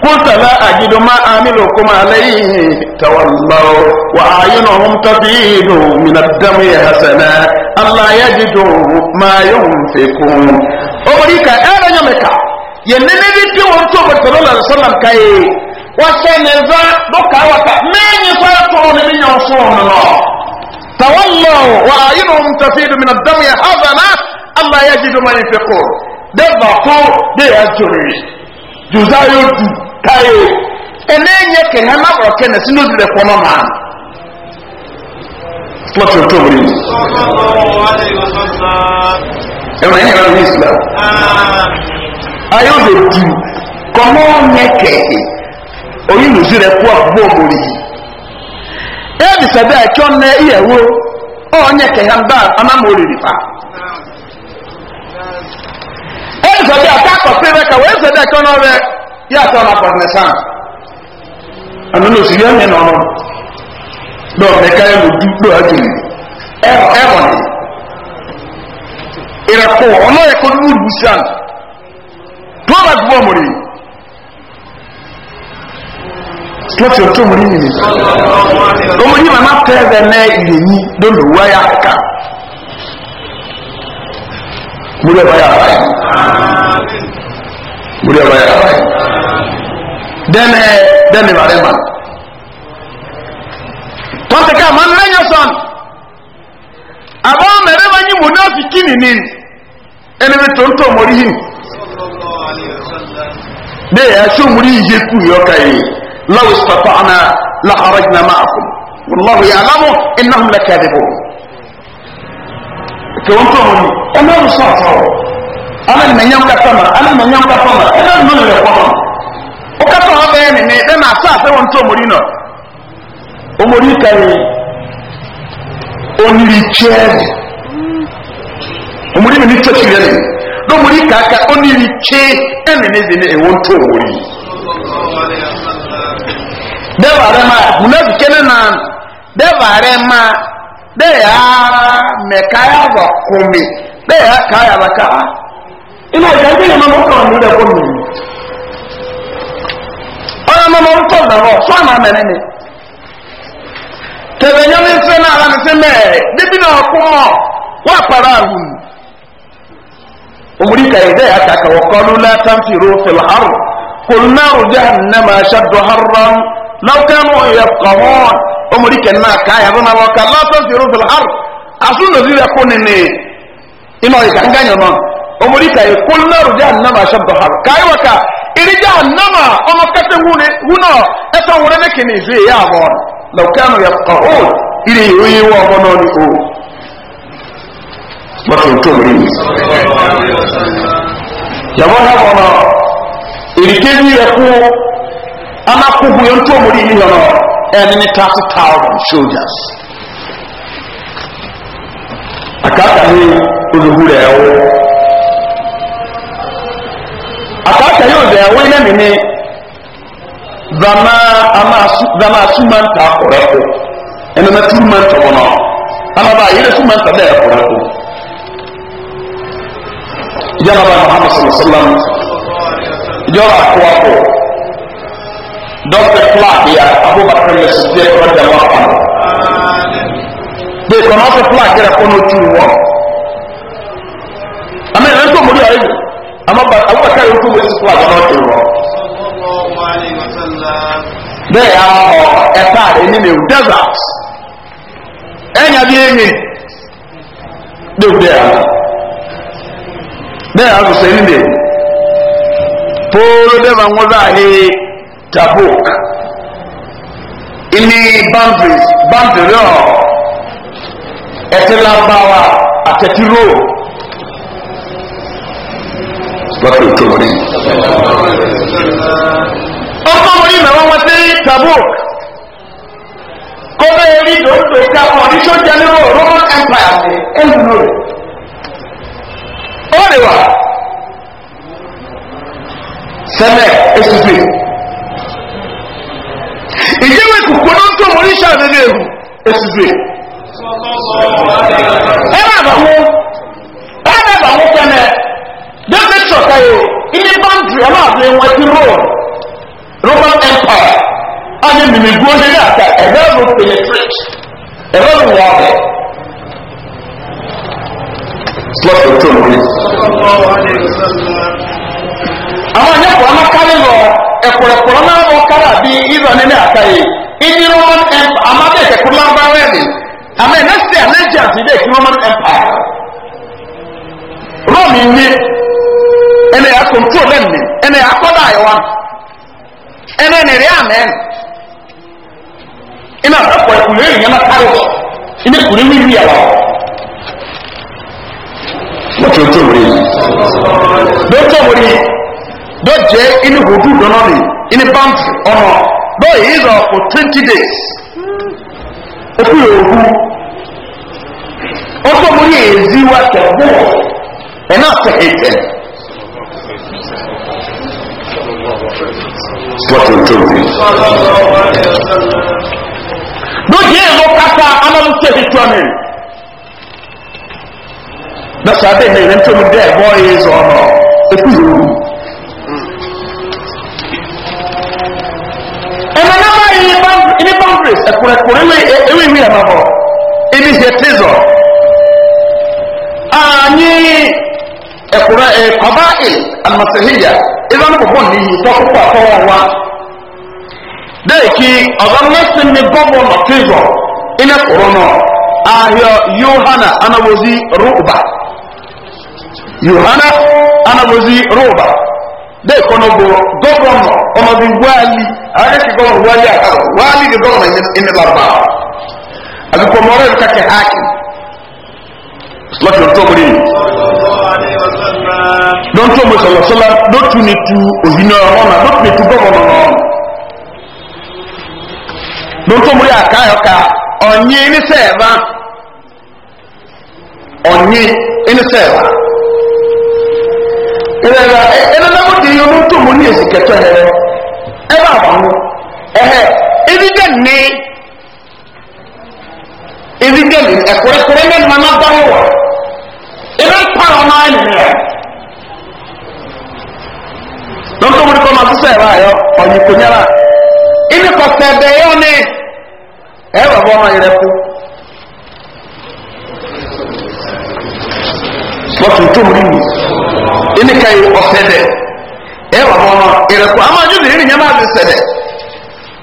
kuntala ajidu ma amilu kuma alayi tawallaw wa ayunuhum tafidu min adamu ya hasana ala yajidu ma yunfikun ɔmori ka ɛrɛ nyamika yɛn nene bi ti tó bɔtɔlɔ la sallam ka wɔhyɛ ne nsa bokawaka menyi sɔre too ne menya ɔsoo no no tawallahu wa ayunuhum tafidu min addam yahazana alla yajidu ma yunfiqun e de baako de yɛagyore jusa yɛdu kae ɛne nyɛ kɛhɛ na borɔkɛ na si no dirɛ kɔ no maa Lọ́tọ̀ tó wọlé ní. Ẹ̀rọ yẹn yẹn lọ ní Islam. Ayọ̀ lè di kọ́mọ́ nyẹ oyi nuzi rẹ kú àgbo omori yìí ebi sẹbi ẹkọ nẹ iyẹwo ọnyẹ kẹhẹmbà anamori nìfà ebi sẹbi ẹkọ akọsí rẹ kàwé ebi sẹbi ẹkọ náà rẹ yàtọ ọmọ akọsí sàn àná ní òsì yẹn nìyẹn ọmọ náà mẹka ẹ lòdù lọ àjò yìí ẹ ẹ wọn ni ìrẹkọ ọlọ́yẹ̀kọ lùlù sàn tó bá gbọ́ omori yìí. lọ́tí ọ̀tọ́ mú nínú ọmọ yìí màmá tẹ́ẹ̀rẹ̀ náà ilé yìí lónìí wáyà ọ̀ka múlẹ̀ wáyà báyìí múlẹ̀ wáyà báyìí dẹ́nẹ̀ dẹ́nẹ̀ bàrẹ̀ mà tọ́síkà máa ń lẹ́yìn sọ́n àbọ̀ mẹ́rẹ́ wá yín mo náà fi kí nìní ẹni bí tó ń tọ́ mọ́rí yìí. bẹ́ẹ̀ aṣọ́ mú rí iye kú yọ̀ọ́ka yìí. لو استطعنا لخرجنا معكم والله يعلم انهم لكاذبون كونتم انا مصاصر انا المنيم كتمر انا المنيم كتمر انا المنيم كتمر وكتمر بين ان انا اساس وانتم مرينا omori kai oniri chezi omori mini chezi ne do mori kaka oniri che ene ne zine e wonto omori munafike ne nan de bare ma de ya me kaya ba kumi de ya kaya ba ka ina ga de ma mo ko mu de ko mi ona ma mo ko da ho so na me ne tebe nya me se na ala me se me de bi na ko mo wa para hu umri kai de ya ka ka wa qalu la tamfiru fil ard قل نار جهنم أشد lọ́kànú yẹ̀kọ̀hún omori kẹ̀nà káyà fún àwọn ọkà látọ̀sí rúfin har asúnàzí rẹ̀ kún nìní iná ìgbà ń gányọ̀ náà omori kàyè kún lẹ́rù jẹ́ ànámà ṣẹ́bù har káyà wọ̀ká ìrí jẹ́ ànámà ọmọ kẹtẹ húnà ẹsẹ̀ wọlé ní kìnnì ìzú èyí àbọ̀ lọ́kànú yẹ̀kọ̀hún ìrì ìròyìn wọ ọmọ náà ní o. wọ́n tó rí yàrá wọn náà ìrìkejì yẹ kú ana kubu yɛn tó omori yi hɔn ɛne ne thirty thousand soldiers akaaka ne ozuhuri ɛwo akaaka yɛ ozu ɛwo yɛ ne ne zama ama asu zama asu manta akɔrɔ ɛko ɛna na turu manta wɔn a ama ba yɛrɛ su manta dɛ ɛkɔrɔ ɛko yɛn na ba muhammadu sallallahu alaihi sallam yɛrɛ akɔ akɔ dɔkta flakia abubakar le sise kɔrɔ dama kɔnɔ bee kɔnɔ ɔsɛ flakia rɛ kɔnɔ tu wɔ ama ɛn tó mori ayi ama ba abubakar yɛ kó wɔ sisi flakia n'o tu wɔ bɛɛ y'a mɔ ɛtaare ni lewu desert ɛnya bi enyi lewu bɛɛ y'a mɔ bɛɛ y'a sɔ sɛ ni lewu pooro bɛɛ ŋɔ zaa hee tabuk ini boundaries boundary ọ̀ ẹtìlábáwa àtẹtìró lọ́pọ̀ ìtòrò rí ọmọ wọn yìí mẹ́wọ́n wọn sí tabuk kọ́bẹ̀ rí dòdò ìta kan ní sójà roman empire ẹnu náà ó rẹwà sẹ́lẹ̀ èsùpè. a àmì ewu e. ẹ ebe bá wọn ẹ bá bá wọn kẹlẹ roman empire ọrụ penetrate ọrụ in the roman empire amadi ẹ̀kẹ́ kó lágbá rẹ̀ mi àmì ẹ̀ nẹ́sì ẹ̀lẹ́jì àti ilé roman empire rome ní ẹnẹ yà kọ̀ntró lẹ́nu ẹnẹ yà kọ́dà àyẹ̀wá ẹnẹ nìrí àmẹ́ ẹnẹ àtọ́kọ̀ ẹ̀kùnrin èyí yẹn kárí wọ̀ ẹnẹ kùnrin ní ìlú yàrá lọ́tọ̀ tó wòlé yìí lọ́tọ̀ wòlé yìí lọ́jẹ́ inú hòdú dọ́nà mi inú báńkì ọ̀nà. boy is off for 20 days okwu ogu ọsọ mụ ya ezi wa tẹgbọ ẹ náà lójú ẹ̀ kápá alámúṣe ti tọ́ ni. lọ́sàá bẹ́ẹ̀ ni ìrẹ́ntọ́mi dẹ́ ẹ̀ ẹ̀nà náà yìí ní boundaries ẹ̀kùnrẹ̀kùnrẹ̀ ewé ìwé ẹ̀mà bọ̀ ibi ṣe tízọ̀ ààyè àtọwọ́ wa ọ̀gá mẹ́sìn ní náà ahịa yohana rụba yohana rụba bẹ́ẹ̀ kọ́ náà gbọ́ gọ́vọ̀nà ọmọ bíi wáálì àrẹ́sì gọ́vọ̀nà wáálì àkàrọ̀ wáálì ni gọ́vọ̀nà ìní làbà àbíkọ mọ́rọ́ ìlú kàkẹ́ hákì lọ́tọ̀ tó múlẹ̀ yìí lọ́tọ̀ mọ́ sọ̀lọ́sọ́lá lọ́tù ni tu òhìnà ọ̀nà lọ́tù ni tu gọ́vọ̀nà náà lọ́tọ̀ múlẹ̀ àkáyọ̀ká ọ̀nyí ní sẹ́ẹ̀bá ọ̀nyí ní sẹ́ẹ̀bá ìrẹ̀lẹ̀ ni yóò tó mo ní èsì kẹtọ yẹn lọ ẹ bá wà wọn ẹhẹ ebi dẹ ní ebi dẹ ní ẹkọrẹkọrẹ ní ẹnìmọ náà báyìí wọ ebi pa ọ náà nìyẹn lọ́tọ́ mo ní kọ́ máa sísè ẹ̀rọ ayọ ọ̀yìn kò nyára ebi kọ̀ sẹ̀ ẹ̀bẹ̀ yọ ní ẹ̀ bàbá ọmọ yẹn rẹ kú. Bọ́tù tó mu ẹni ká yẹ ọ̀sẹ̀ dẹ̀ ɛwɔ hɔ no ɛrɛkɔ ama adwo deɛ ne nyɛma ade sɛdɛ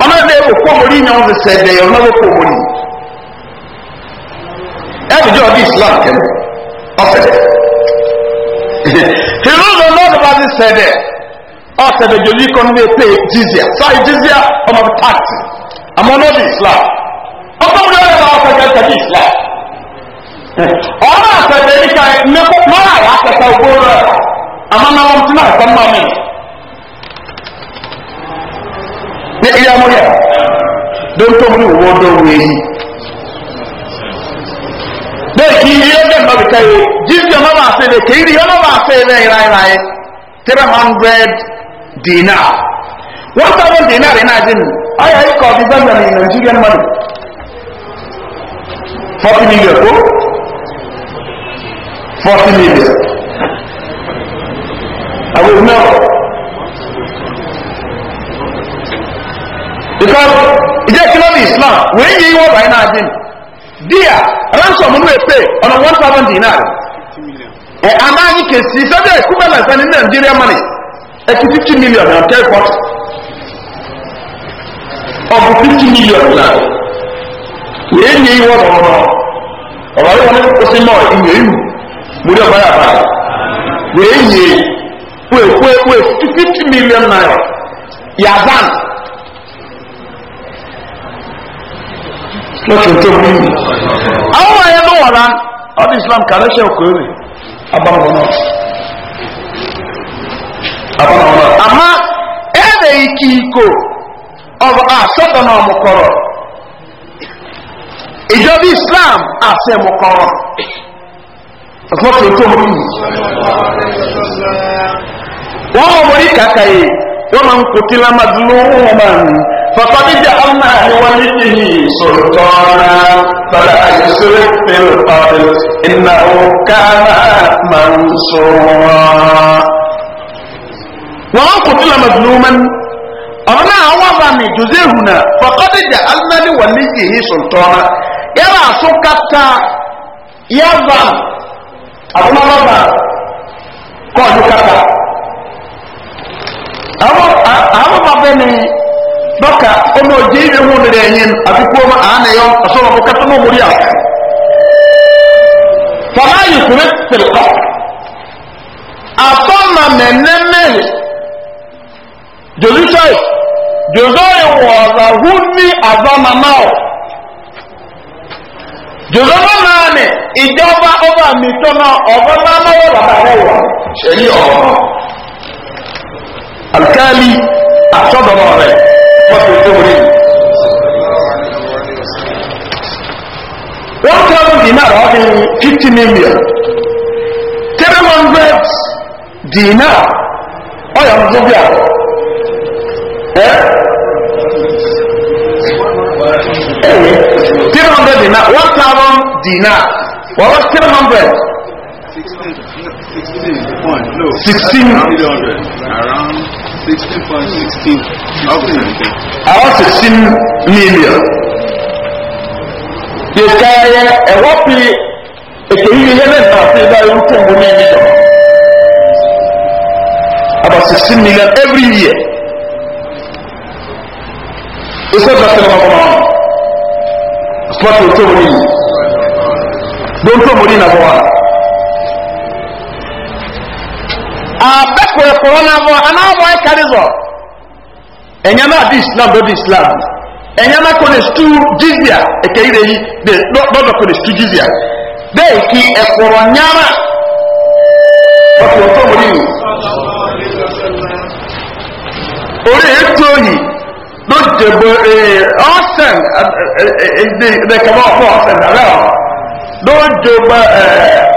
ɔno dɛ ɔkɔ mɔri nyɛ ɔde sɛdɛ ɔno ɔkɔ mɔri ɛbi gye ɔde islam kɛm ɔsɛdɛ hero no ɔno ɔde ɔde sɛdɛ ɔsɛdɛ gyoli kɔ no ɛpɛ jizia saa jizia ɔmo ɔde tax ama ɔno ɔde islam ɔkɔ mɔri ɔyɛ ba ɔsɛdɛ ɔsɛdɛ islam ɔno asɛdɛ nika mɛkɔ mɔra asɛdɛ ɔgbɔ ama na ní ilé amúyà lóńtó mú ní òwò ọdọ òwe yìí bẹ́ẹ̀ kí ilé ọdẹ mọ̀ bìkẹ́ yìí jíjí ọmọ bá fẹ́ bẹ́ẹ̀ kéyìí ọmọ bá fẹ́ bẹ́ẹ̀ ìrà ìrà yẹ three hundred dinar one thousand dinar yẹn náà dín ní ọyà yìí kọ́ ọ̀dí zambia ní nigerian money forty million kó forty million àwọn ìwé náà. because ìjẹ́ ìkìlọ́mù islam wèé yí wọ́n báyìí náà dín díà ransom ní èpè ọ̀nà one thousand dinar ẹ̀ ní fifty million and ten pots ọ̀bù fifty million náà wèé yí wọ́n bọ̀ ọ̀rọ̀ yìí wọ́n ní kó sí mọ́ ìyẹn ìlú mo rí ọ̀bá yà wèé yí wèé wèé fifty million naira yàgbọ́n. lọ́tún tó mú mi. àwọn ọmọ yẹn ló wà lá ọdún islam kàlẹ́ ṣe òkú èrè abáwọn náà. abáwọn náà. àmọ́ ẹ̀rẹ̀ ìkì ìkò ọ̀rọ̀ àṣọ́tọ̀ náà mú kọ̀rọ̀ ìjọba islam àṣẹ mú kọ̀rọ̀ lọ́tún tó mú mi. wọ́n mọ̀ wọ́n yí kàkà yìí wọ́n máa ń kò tí lámàdúró wọ́n máa ń fọ́tọ́ níjà ọ̀nà àríwá nídìí سلطانا فلا يسرق في القتل إنه كان منصورا قتل مظلوما أنا أوضني جزيهنا فقد جعلنا لوليه سلطانا يرى سكتا يظن أبو ربا قالوا كتا أبو أبو baka ọmọ ọjẹ ibe hu ne dẹnyin àti kuoma àánẹ yọ ọsọlọ ọkọ kẹtọ náà mórí àwọ fọlá yìí kúrẹ tẹlifọ àtọmà mẹnẹmẹrẹ jòlítọì jòlóyè wọọrọ hu ní àbámà náà jòlóyè náà ni ìjọba ọba mi tọ náà ọba náà náà wọ bàbá rẹ wọ sẹyìn ọrọ alikali àtọdọmọ rẹ mọ́tò tó rí one thousand dinar ọdún fifty million three hundred dinar ọyọ ọdún bí àbọ̀ ẹ three hundred dinar one thousand dinar wọ́n wọ́n three hundred. Sixteen point no. Sixteen. Around sixteen point sixteen. àwọn sixteen million. yèka yẹ ẹwọ fi ètò yìí yẹ lẹ́nu àti ìdá irú tó ń bọ ní ìdíjọ. about sixteen million every year. iṣẹ́ ìgbàsẹ̀ wọn kọ́ náà. spọ́tù tó ń bọ̀ ní yìí. ló ń tó ń bọ̀ ní ìnáwó wa. abẹ́kọ̀ọ́ ẹ̀kọ́rọ́ náà mọ́ anáwọ̀ ẹ̀kárìzọ̀ ẹ̀yẹ́ náà di islam lọ́dọ̀ islam ẹ̀yẹ́ náà kò lè stu jizia ẹ̀kẹ́ yìí lèyí lọ́dọ̀ kò lè stu jizia bẹ́ẹ̀ kí ẹ̀kọ́rọ̀ nyára ọ̀pọ̀ tó wọlé yìí orí ètò yìí ló jẹ̀bọ̀ ọ̀sẹ̀n ẹ̀ẹ́dẹ̀kẹ̀mọ́ ọ̀sẹ̀n àrẹ́ ọ̀ ló jẹ̀bọ̀ ẹ̀ẹ́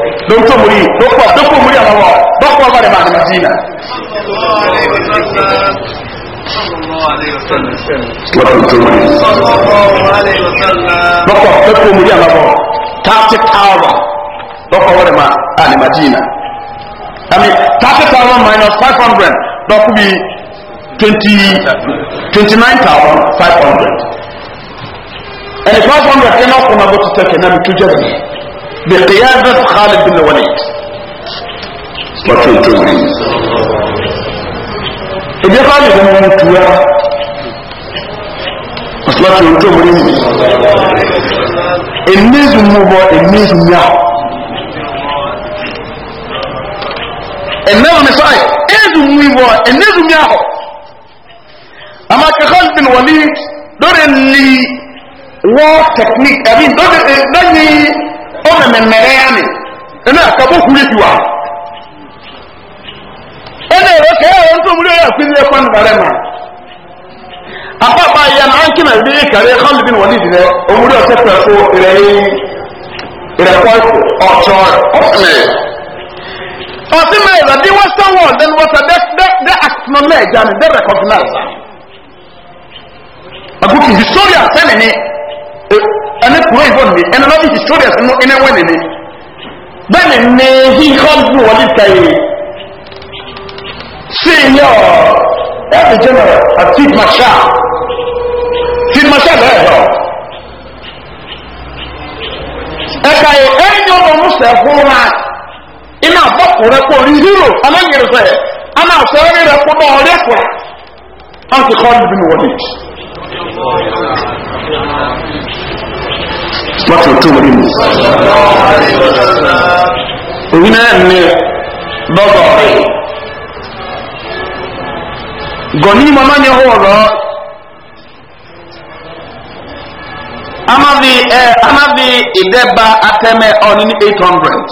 don to muri dokwa dokwa muri amawa dokwa bare ma na madina dokwa dokwa muri amawa ta ta tawa dokwa bare ma na madina ami ta ta tawa minus 500 dokwa bi 20 29500 and 500 enough on about to take na bitu jabi بقيادة خالد بن الوليد صلاة تزري إذا خالد بن متوى صلاة تزري الناس مبا الناس مياه الناس مساي الناس مبا الناس مياه أما كخالد بن الوليد دور اللي war technique I mean دور اللي ọmọ mẹmẹrẹ e ya na ẹnu àkàbọ kúrẹ tiwa ẹnu èrò kẹyà ẹrọ tó múlẹ yà fi nílẹ kwan bàrẹ ma apapa yẹn an ya na bí kàrẹ hàlù bí wọlé jìnnà òmùdó ọsẹ pẹ kó rẹ rẹ kọ ọtọ ọsẹ ọsẹ mẹrin na bí wọn sanwó ọdẹni wọn sọ dẹ dẹ dẹ acknowledge and dẹ recognize agùnkì historia sẹni ni. ɛne kuro yi hɔ ne ɛne eh, e e na ɔde historians no ɛna ɛwɔ ne ne bɛne ne hihɔ no wɔde ta yi sei yɛ ɔ ɛde general atik mashal tit mashal ɛyɛ hɔ ɛka yi ɛnyɛ ɔmo no sɛ ɛhoro a ɛna abɔ koro ɛkɔ ɔre hero ɛna nyere sɛ ɛna asɔre ɛkɔ dɔ ɔre ɛkɔ ɔnti kɔn bi ne láti ọ̀tọ́ orí mi òun náà ní bọ́bọ̀ rẹ̀ gọ̀ní mọ́mọ́ ní ọwọ́ rọ̀ amabi ẹ amabi ìdẹ́ba atẹ́mẹ ọ̀ní ní hundred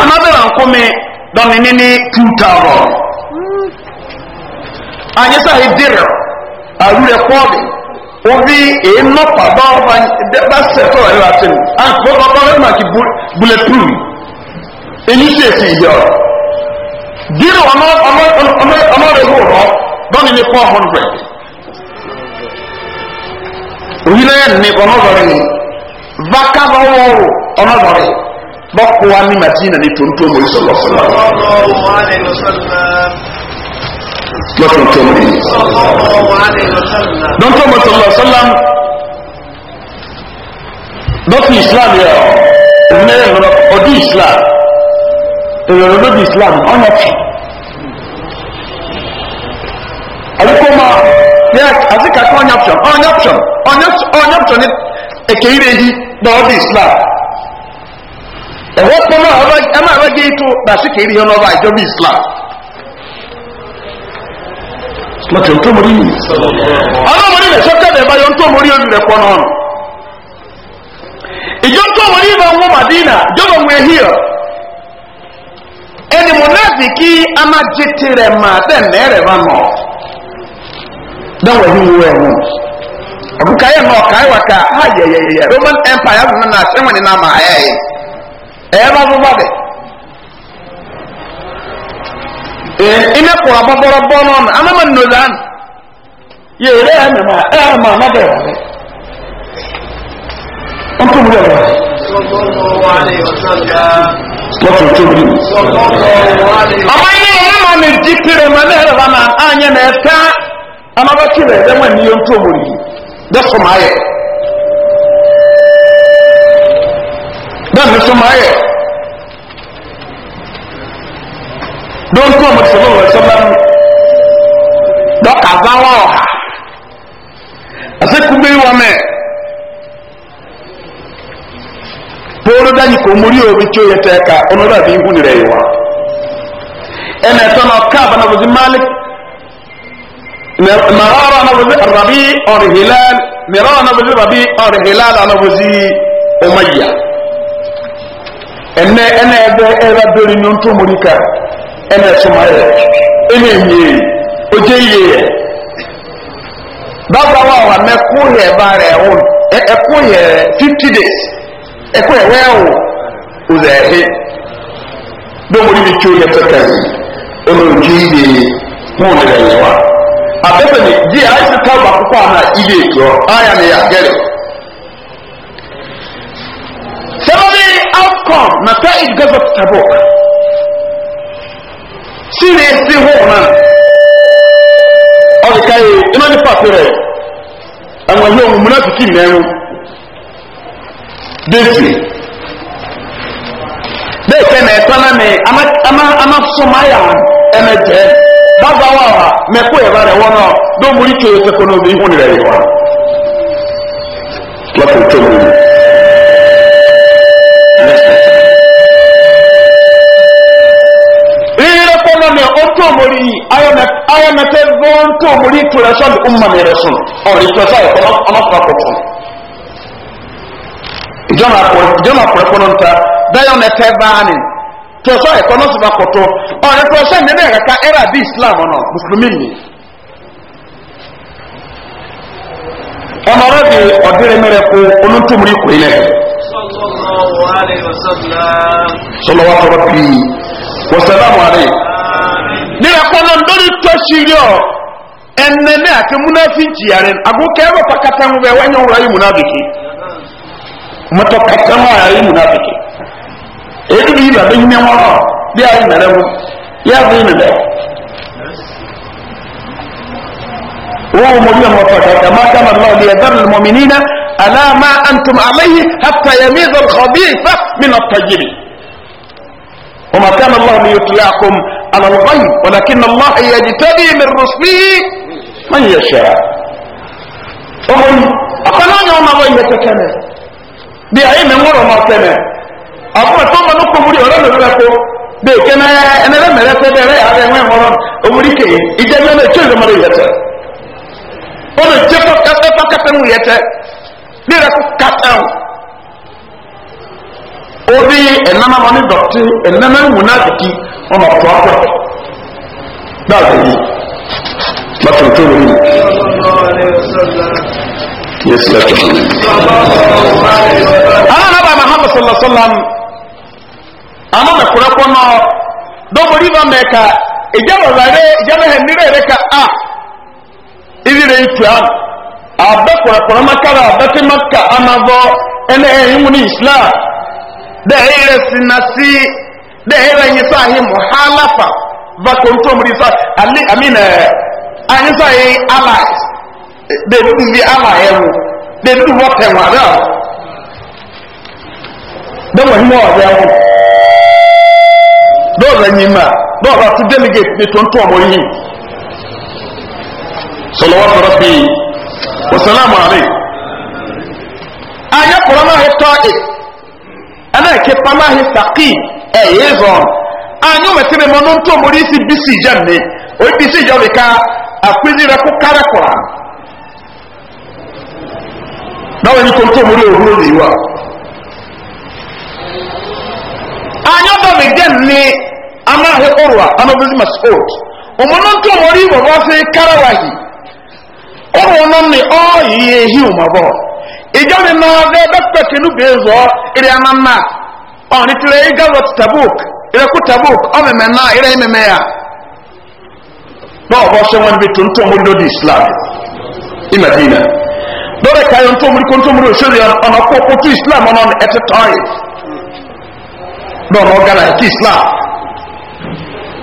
amabi rankumi dọ̀nìní ní two thousand anyisa ìdírẹ̀. arúrẹ pọ́ọ̀lì obi èémọ́ pàbá ọba bá sẹ́tọ̀ ẹ̀rọ àtẹnu àpò ọba rẹ̀ màkì bulletproof èyí sì èsì ìjọ dírò ọmọ ọmọ ọmọ rẹ̀ hù rọ bọ́ọ̀lì ní four hundred òyìn náà ní ọmọ ọ̀rẹ́ ni vakabọ̀wọ̀ ọmọ ọ̀rẹ́ bọ́ọ̀kù wa ní màtí nà ní tòótọ́ mọ̀ ìṣọ̀lọ́sọ̀lọ́ lọ́tún tó mú yìí. dọ́tún ọmọ sọlọ sọlá dọ́tún islam yẹ ọ ní ẹ̀rọ ọdún islam èrò lóbi islam ọ̀nà tì. àlùkòmọ̀ yẹ àzíkàkọ́ ọ̀nyàpṣọ̀n ọ̀nyàpṣọ̀n ọ̀nyàpṣọ̀n ní èké ìrè yìí lọ́ọ̀dún islam ẹ̀wọ́ pọ́nmọ́ ẹ̀ máa bá gé ètò dàsíkè ìrìyàn ọba ìjọba islam lọ́tọ̀ tó mọ̀ nínú ọlọ́mọdé rẹ̀ sọ́kẹ́ rẹ̀ báyọ̀ tó mọ̀ rí orí rẹ̀ pọ̀ náà ìjọ tó mọ̀ rí ìbọn wọn màdínà jọba wọn ehíyọ ẹni mo náà fi kí amájẹtì rẹ̀ máa tẹ̀lé rẹ̀ bá nọ dáwọ̀ ẹ̀hún wo ẹ̀hún àbúkà yẹn náà ọ̀kà ẹ̀wà ká ayẹyẹyẹ roman empire náà sẹ́wọ̀n ní náà máa ẹ̀ẹ́ ẹ̀ẹ́ bá bọ́ bá bẹ̀ Eh, ina kura bɔbɔrɔ bɔnɔ na ana ma nno lan yɛrɛ yɛ eh, mɛma ɛɛ eh, ma ma bɛ wɔre an tó mu bɛ wɔre. lọ́tọ̀ tó mu. ọmọ yẹn yẹn ma mi di ma ne yɛrɛ ma a na ɛka ama bɛ kiri ɛdɛ ma ni yɛn tó mu yi bɛ sɔn ma yɛ bɛ mi sɔn ma yɛ. don tó ọmọ sọlọ wọn sọlọ mu dọkà záwọ ọha asekugbe wọn mẹ polo danyi kò mórí omi tí o yẹ tẹ ká ọlọ́dọ̀ àbí ihu nìrẹ̀ yìí wá ẹnna ẹ̀tọ́ náà ká àbá náà wọ́n ti malik màrọ́rọ́ náà wọ́n ti rabi ọ̀rẹ̀ hilal mìrọ́rọ́ na wọ́n ti rabi ọ̀rẹ̀ hilal na wọ́n ti ọmọ yìí ẹnna ẹnna ẹgbẹ́ ẹ̀rọ dórí ni ó ɛna ɛsoma yɛ ɛna enyie ogye yie yɛ bàbá wa wà mɛ kó yɛ baara yɛ wò ɛkó fifty days ɛkó yɛ wɛɛ wò ɔzɛ ɛhe dɔwɔli bi tso yɛ pɛtɛ ɛna ogye yie wọn lè lè wa abẹ́fẹ̀ni di àìsí táwọn akókò àná iye ìtọ́ ayà ni yà gẹ́rẹ́ sẹ́wọ́n ní outcome nàtẹ́ ìgbẹ́fẹ̀ tàbọ̀kà síre sí hóun náà ọ̀dìkà yìí iná ní pàṣẹ rẹ̀ àwọn ilé ohun múnáfìkì mẹ́rin déètì déètì ẹ̀ tán náà mi ama sọmáyà ẹ̀mẹ̀ jẹ́ bàbá wà wà mẹ́kọ́ ẹ̀bá rẹ̀ wọ́n náà ló mú ní kí o ṣe kọ́ náà bí ihun rẹ̀ yìí wà lọ́kùnrin tó wù tomori ayamete zon tomori turashan umma mere sun ọrọ ìtọ́sá ẹ̀kọ́ ọmọkùnrin kọ̀ọ̀kan ìjọba àpòrẹ́kọ́nà ń ta dayamete báni turashan ẹ̀kọ́ náà sì bá kọ̀tọ́ ọ̀rẹ́ turashan nínú ẹ̀rẹ́ ká ẹ̀rà bí islam ọ̀nà mùsùlùmí ni ọmọrẹ́ di ọ̀dẹ́rẹ́ mẹ́rẹ́ kó olóńtòmùrí kò ilẹ̀ sọlọ́wọ́ tọrọ bíi wọ́sẹ̀ láwọn àlẹ́ yìí. nira kɔnɔ ndoli tɔ siri ɔ ɛnɛ ne ake munafiki yare ago kɛbɛ pa katamu bɛ wa nyɔnwura yi munafiki mɔtɔ katamu a yi munafiki edu bi ba bɛ hinɛ wɔn bi a yi nɛrɛ mu bi a bɛ yi nɛrɛ wɔn mo bi a mɔ fata kama kama lɔ bi ɛdari mɔminina ala ma antum alayhi hatta yamiza alkhabisa min atayiri. وما كان الله ليطلعكم على الغيب ولكن الله يجتبي من رسله من يشاء وهم أقلون يوم الله يتكلم بأي من ورم أتنا أقول ثم نقوم بلي ورم لكم بكنا أنا لم أرسل بأي هذا من ورم أمريكا إذا لم أتنا مرة يتا أنا جفت كتا كتا يتا لأنه كتا obi ɛnana ma ne dɔte ɛnana ọ na ɔna ɔtɔ akɔ daada yi ba tuntun mu na ba mahama sallasalam na kura kɔ nɔ dɔbɔli ba mɛ ka ìjọba rẹ ìjọba hẹ nílẹ rẹ ka a ìdí rẹ tu abẹ kura abẹ maka islam. dẹ́ẹ̀ rẹ̀ sinna sí dẹ́ẹ̀ rẹ̀ yín sáà yín di ali amina ayin sáà yín allies dẹ́ẹ̀ dúdú bí allies ẹ̀wò dẹ́ẹ̀ dúdú wọ́n tẹ̀ wọ́n àdá dẹ́wọ̀n yín wọ́n ọ̀dẹ́ ẹ̀wò dọ́ọ̀ dọ́ọ̀ bá tún delegate ní tontó ọmọ yín sọlọ́wọ́n bíi wasalaamu ayé kọ́ra náà yẹ tọ́ ẹ̀. ẹ̀kẹ́ pamahi sàkí ẹ̀yẹ zọ anyọ mẹtẹrẹ mọ ní ntọ́ mọ́rí sí bísí ìjà mi orí bísí ìjà mi ká àpèjì rẹ kó kára kọ̀ra náà wọ́n yí kó ntọ́ mọ́rí òwúrọ̀ lè wá. anyọ bá mi dẹ́n ní amáhe ọrùa amábísí masoud ọmọ ní yìí ọmọ mi ɔne tere yi gazot tabuk ireku tabuk ɔmɛmɛ na ire yi mɛmɛ ya na ɔbɔ hyɛ wɔn bi tuntum mu lodi islam imadina lori ka yɔn tom ko ntom ro sori ɔna ko koto islam ɔna ɔna ɛte tɔɔye na ɔna ɔgana ɛte islam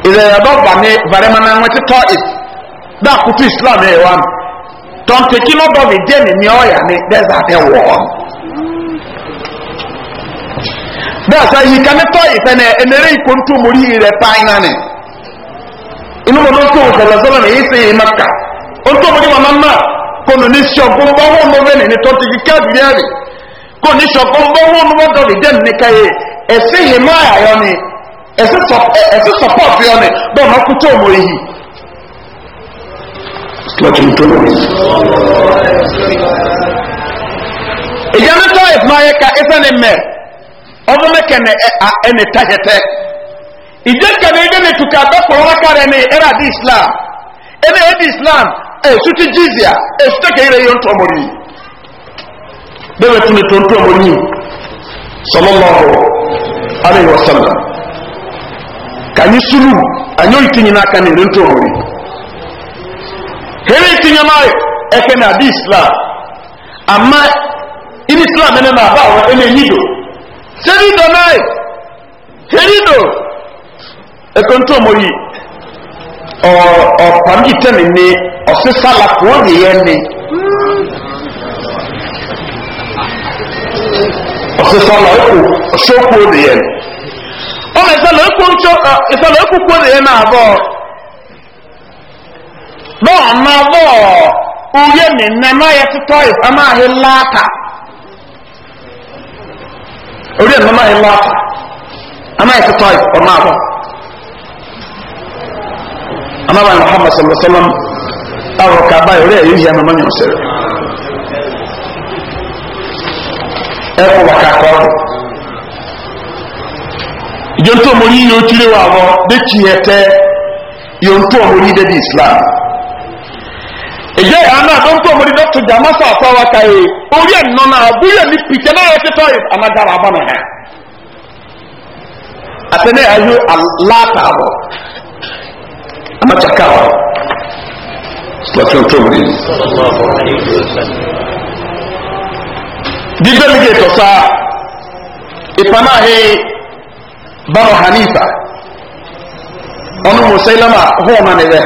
ìrẹ̀yàdọ́ bà ní varima náà wọ́n ti tọ́ it dá koto islam ẹ̀ wá mi tọ́ntẹ́kí lọ́dọ̀ mi jẹ́ mi ní ọ̀yà ni dẹ́sẹ̀ àtẹ̀wọ̀ ọ́n bẹ́ẹ̀ sọ yìí kẹ́mi tọ́ yìí fẹ́nẹ̀ ẹnẹ́rẹ́ ìkóntó mórí rẹ̀ pààyàn náà ni inú mọ̀ ló ń tó sọ̀lọ̀sọ̀lọ̀ ní ìsìn yìí maka ó ń tó mórí màmá mma kò ní ní sọ̀gbọ́n bọ́ wọn mọ́ bẹ́ẹ̀ ní tó ti di kẹ́ẹ̀dì yẹn rì kò ní sọ̀gbọ́n bọ́ wọn mọ́ dọ̀lì dẹ́n ní káyé ẹ̀sìn yìí má yàyọ ni ẹ̀sìn sọ̀pọ̀tì yọ ni bọ́ọ̀ má kú tó mórí yìí. ìyá mi tọ́ ìfúnayẹ ká ìfẹ́ ni mẹ́ẹ̀ ọdún mẹ́kẹ̀ẹ́nẹ̀ ẹni tẹ́hẹ̀tẹ́ ìjẹ́kẹ̀ẹ́nẹ̀ ìjẹ́nẹ̀ tukà bẹ́kọ̀ọ́ lákàrẹ̀ ní ẹ̀rà di islam ẹ̀rà ẹ̀dì e islam èsù ti jizia èsù tẹ́kẹ̀ ìrẹ̀ yóò tọ́ mọ́rí bẹ́ẹ̀ tún ní tó ń tọ́ mọ́rí sọlọ́lọ́rọ̀ alẹ́ wasallam kàní sulu ànyọ́ ìtìyìn náà kan ní tó mọ́rí kẹ́rẹ́ ìtìyìn náà ẹ̀kẹ́ ní àdí islam àmọ́ ìdí islam ẹni náà bá àwọn ẹni ẹ̀yìn dò sẹ́rídò náà sẹ́rídò ẹ̀kọ́ tó mọ̀ yìí ọ̀pàm yìí tẹ́mi ní ọ̀sísàlà kò rí yẹn ni ọ̀sísàlà ẹ̀kọ́ ṣókò rí yẹn ọmọ ìsàlẹ̀ ẹ̀kọ́ ìsàlẹ̀ ẹ̀kọ́ kò rí yẹn náà bọ̀ bọ́ọ̀ máa bọ̀ ọ̀yẹ́ mi nà náà yẹ títọ́ ìfẹ́ máa hí laata. orí ẹ̀ mọ́mọ́ ẹ̀ lọ ama ẹ̀ tọ́tọ́ ọ̀nà àbọ̀ ama bá muhammad sallallahu alaihi wa sallam awọ ká báyìí orí ẹ̀ yìí yẹ mọ́mọ́ yẹn sẹ́rẹ̀ ẹ kọ́ wà ká ìjọ́ntò mo yí yóò kiri wà wọ́ bẹ́ẹ̀ kì í tẹ́ yóò tó mo yí débi islam èyẹ àná àdóńtò ọmọdé dọ́tò jàmá sọ àfọ wa ka yìí orí ẹ̀ nọ náà abúlé ní pìtẹ́ náà ẹ̀ tẹ́tọ́ yìí anagara abọ́nà hẹ́ àtẹnẹ́ ayé aláàtà wọ amájàká wọ lọ́tún tó wọlé yìí. dídọ́lì gé tọ́sá ìpanáhé báwọ̀ hanifa ọ̀nà mùsùlùmá hó ọ̀nà níbẹ̀.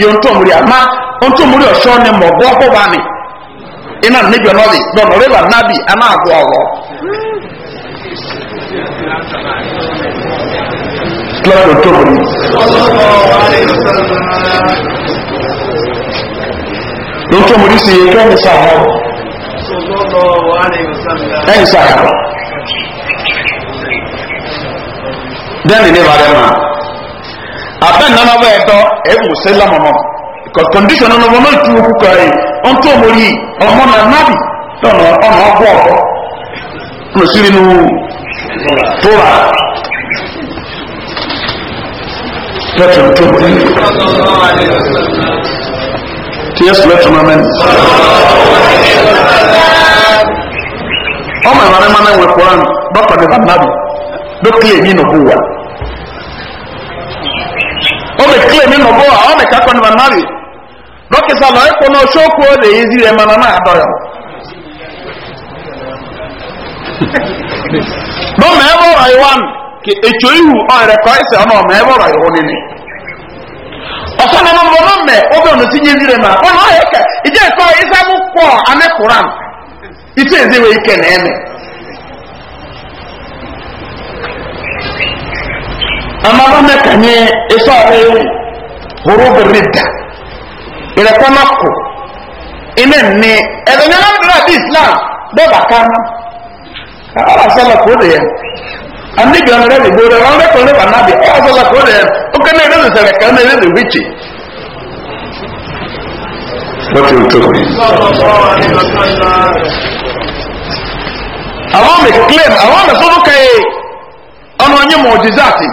yóò tó múri àmá ó tó múri ọ̀ṣọ́ ni mọ̀ bọ́ kó bá mi iná níbi ọ̀nà rí lọ́nà rẹ́bà nábì aná àgọ́ ọ̀rọ̀. lọ́dọ̀ tó múri. ló tó múri sí i kẹ́hìn sàárọ̀ kẹ́hìn sàárọ̀ dẹ́ni ní ìbàdàn náà àbẹ́ nínú ọ̀bẹ ẹ̀dọ́ ɛbu sɛlɛm ɔnɔ condition ɔnɔ ɔnɔ etu oku ka yi ɔntɔ omori ɔmɔ na nabi ɔnɔ ɔnɔ ɔbɔ ɔbɔ ɔnɔ siri nu tora tɔtɔ ntɔ omori tí yẹ sọlẹ tuma mẹni ɔmɔ ɛmɛ mɛ mɛ wɛ kura bá pàdé bá nabi dókè yẹ ní nìkú wa. ome claim nọbọ a ome kakọ nọ mari na ọ na-eyezi ya mana na ọrịa ka ma ebe ọrụ nini na nọ mbọ ọ na-etinye ma na ọhịa ike ije ọ ịsa akwụkwọ anekụran ike na eme amma ba na kanye isa a rai horobin ridda irakwa mako ina ne ẹ̀rọ islam bẹ́ẹ̀ bá ká mọ́ ara sọ́lá kó lè yẹn anigbe ọmọ rẹ gbogbo rẹ wọn rẹpọ rẹ wà nábì ara sọ́lá kó lè yẹn claim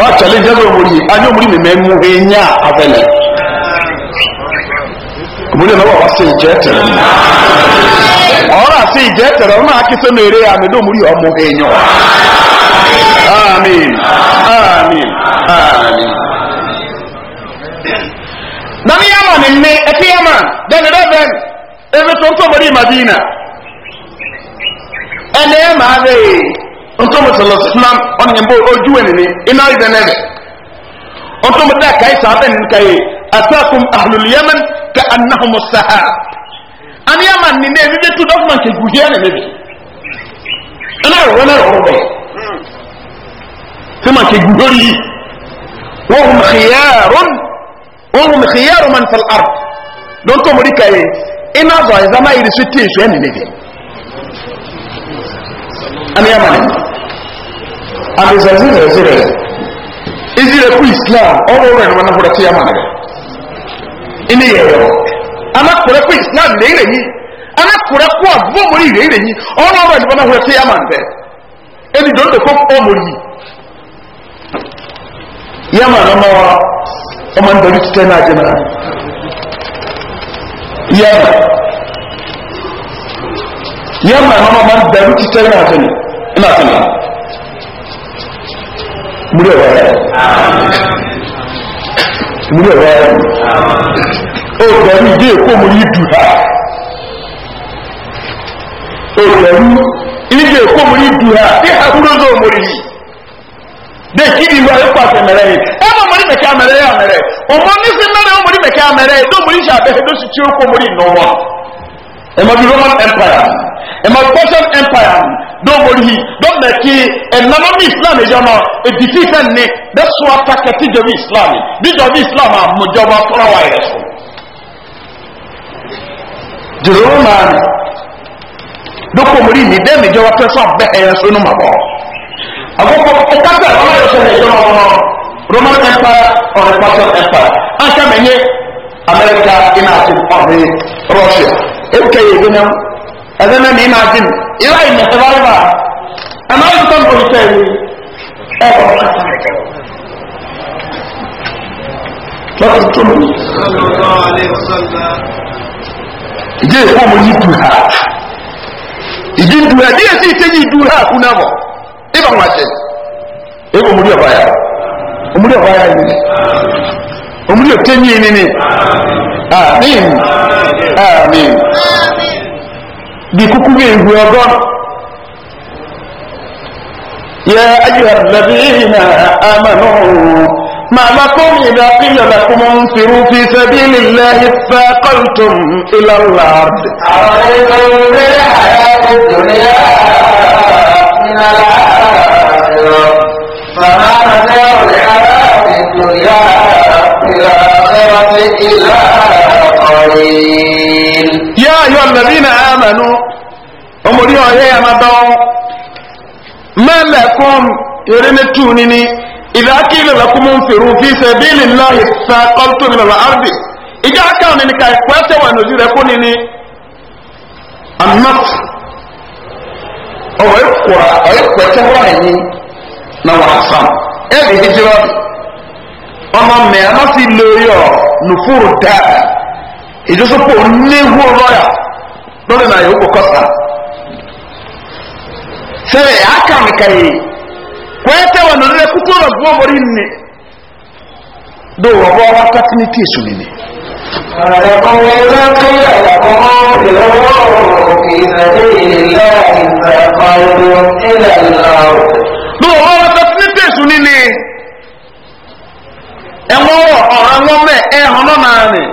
wa chale ẹgbẹ́ omori anyi omori mi mẹ́mú ẹ̀yà abẹ́lẹ̀ omori ẹ̀nà wà wá sí ìjẹ́ tẹ̀rẹ̀ ọ̀rọ̀ àti ìjẹ́ tẹ̀rẹ̀ ọ̀nà akíso ní eré àmì ní omori amen amen amen. nani yamma ni mme ama yamma dẹni rẹbẹn ebi madina ene ntɔmu sɔlɔ sinam ɔnyɛnbɔ ojuwe nini ina yi dɛnɛ bɛ ntɔmu dɛ kayi saa bɛ nika ye asaakum ahlul yemen ka anahumu saha ani ama nini ebi bɛ tu dɔfuma nke guhia nini bi ɛna yɛ wɔn ɛwɔ bɛ fima nke guhori wɔhum xiyaaron wɔhum xiyaaron man fal ar ntɔmu di ka ye ina zɔ ɛzama yiri si tie suɛ nini bi ani amani abisa zire zire izire ku islam ọrụ ụlọ ẹnu manahụrụ ti amani rẹ ini yẹ yọ anakure ku islam lè ire yi anakure ku abomori ire ire yi ọrụ ụlọ ẹnu manahụrụ ti amani rẹ ebi don de ko ọmọri yi yamma ọmọ ọmọ ndọri titẹ náà jẹ náà yamma yamma ọmọ ọmọ ndọri titẹ náà jẹ náà bá ti mọ̀ múlò ẹ̀rọ rẹ̀ múlò ẹ̀rọ rẹ̀ ó gbẹ̀rú ìdí èkó mo yí dù ha ó gbẹ̀rú ìdí èkó mo yí dù ha bí àkúrózó mo yí de kidi wa yɛ kpase mɛrɛ yi ɛ ma mɔri mɛkɛ amɛrɛ yɛ amɛrɛ ɔmɔ nisi mɛrɛ ɔmɔri mɛkɛ amɛrɛ yi do mɔri sa bɛhɛ do si tiyo ko mɔri nɔ wa ɛma bi roman empire ɛma persian empire don morihi don mɛki ɛnama mi islam ɛyɛ no edisi sɛn ne bɛ so atakɛti jɔ bi islam bi jɔ bi islam a mɔjɔ ba kora wa yɛrɛ so jeroman doko mori ni dɛ mi jɔ wa pɛ sɔn bɛ ɛyɛ so no ma bɔ agogo ɛka bɛ ɔmɔ yɛrɛ sɛ ɛyɛ no ɔmɔ roman empire ɔrɛ persian empire an kɛ mɛ nye america ina ati ɔrɛ russia. ewuka yi na mii maa dim na ba riba ama yi ntɔ nkɔ nsa ewu ɛbɔ kata lɔri tó yi du ha ha ya ọba ya آمين آمين دي بكوكوين هو يا أيها الذين آمنوا ما لكم إذا قيل لكم انفروا في سبيل الله اثاقلتم إلى الأرض أرضكم بالحياة الدنيا من الآخرة فما متاع الحياة الدنيا في الآخرة إلا الضالين يا أيها الذين آمنوا أمري يا مدعو ما لكم يرنتونني إذا قيل لكم انفروا في سبيل الله ثاقلتم من الأرض إذا كان لك إخوات ونزيركنني النصر أو يقوى أو يقوى تهواني نوعصان إيه هجرة ọmọ mẹ́rin sì lórí ọ̀ nùfúrù dáadáa ìjọsọpọ̀ oníhu lọ́yà lọ́dọ̀ náà yóò kọ́kọ́ sá. sẹ́rẹ̀ aka nìkan yìí kwẹ́tẹ́ wà nínú rẹ̀ kúkú rẹ̀ gbọ́ mọ́rí do wà bọ́ wá pátíníkì èso nìyẹn. Lọ́wọ́ wọ́n wá pátíníkì èso nìyẹn. Ẹ̀wọ̀n ọ̀rọ̀ ẹ̀wọ̀n mẹ́ ẹ̀ hàn náà nìyẹn.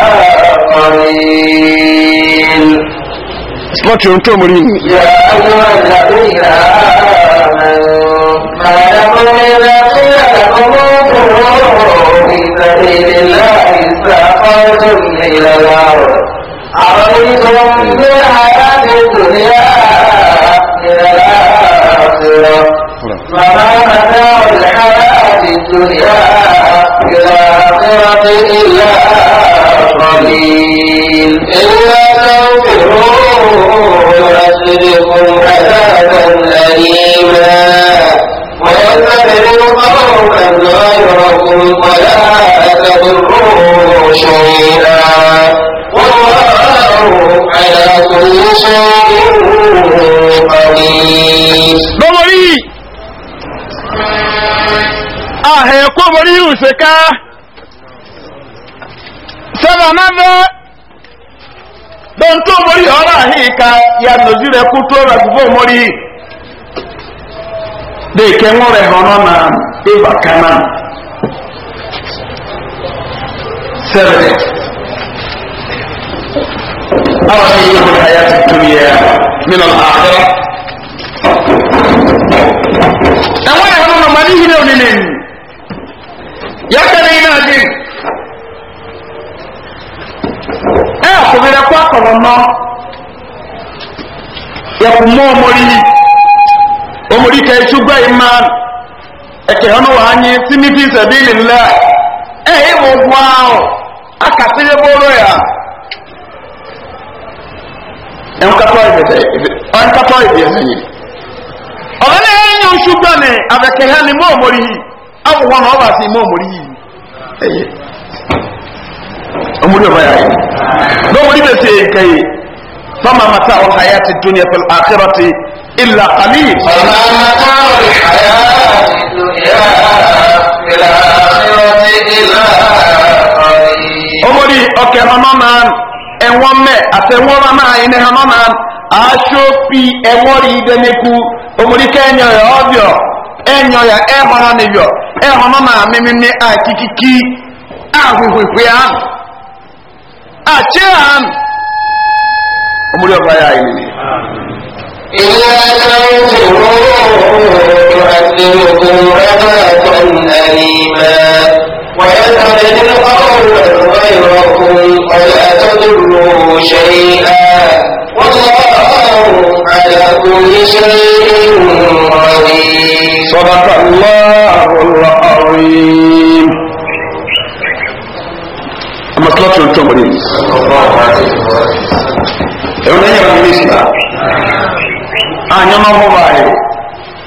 الضالين Slot yóò tó mori. Yà á yọ àgbàdo ìlà àmàlù. Màdà mo ní láti àkọ́kọ́ kúrò ìtàkìlì láì sàkọ́jù ìlànà. Àwọn ìtàn gbé ara ní tòlíà ka sẹ́wọ̀n náà bẹ́ẹ̀ bẹ́ẹ̀ tó mọ́rí ọ̀rọ̀ àhíì ka ya nòzí rẹ̀ kú tó rẹ̀ gbogbo mọ́rí dèkè ń rẹ̀ hànà na ìgbà kaná sẹ́wọ̀n àwọn ẹ̀yìn ìwé àyà tuntun yẹ nínú àárẹ̀ ẹ̀wọ̀n ẹ̀hánà màdí yìí rẹ̀ òní nìyí. omori ka echugwa iman eke hono wa anyi simi fi sabilillah e, ya ẹnkatọ ibi ẹsẹnyi ya ẹyẹ nyɛ nsúgbọn ni abẹkẹhẹ ni na ọba sí mọ ọmọdé yìí ẹyẹ ọmọdé ọba yà yìí lọmọdé إلا قليل فما متاع الحياة الدنيا في الآخرة إلا قليل أمري أوكي همان ẹ̀wọ́n aṣọ fi ẹ̀wọ́n rí إلا تنصروه تؤذبكم عذابا أليما ويذهب القول غيركم ولا تضروه شيئا والله على كل شيء قدير صدق الله العظيم أما صلاة الجمهورية الله عليه وسلم anyama ho baayɛ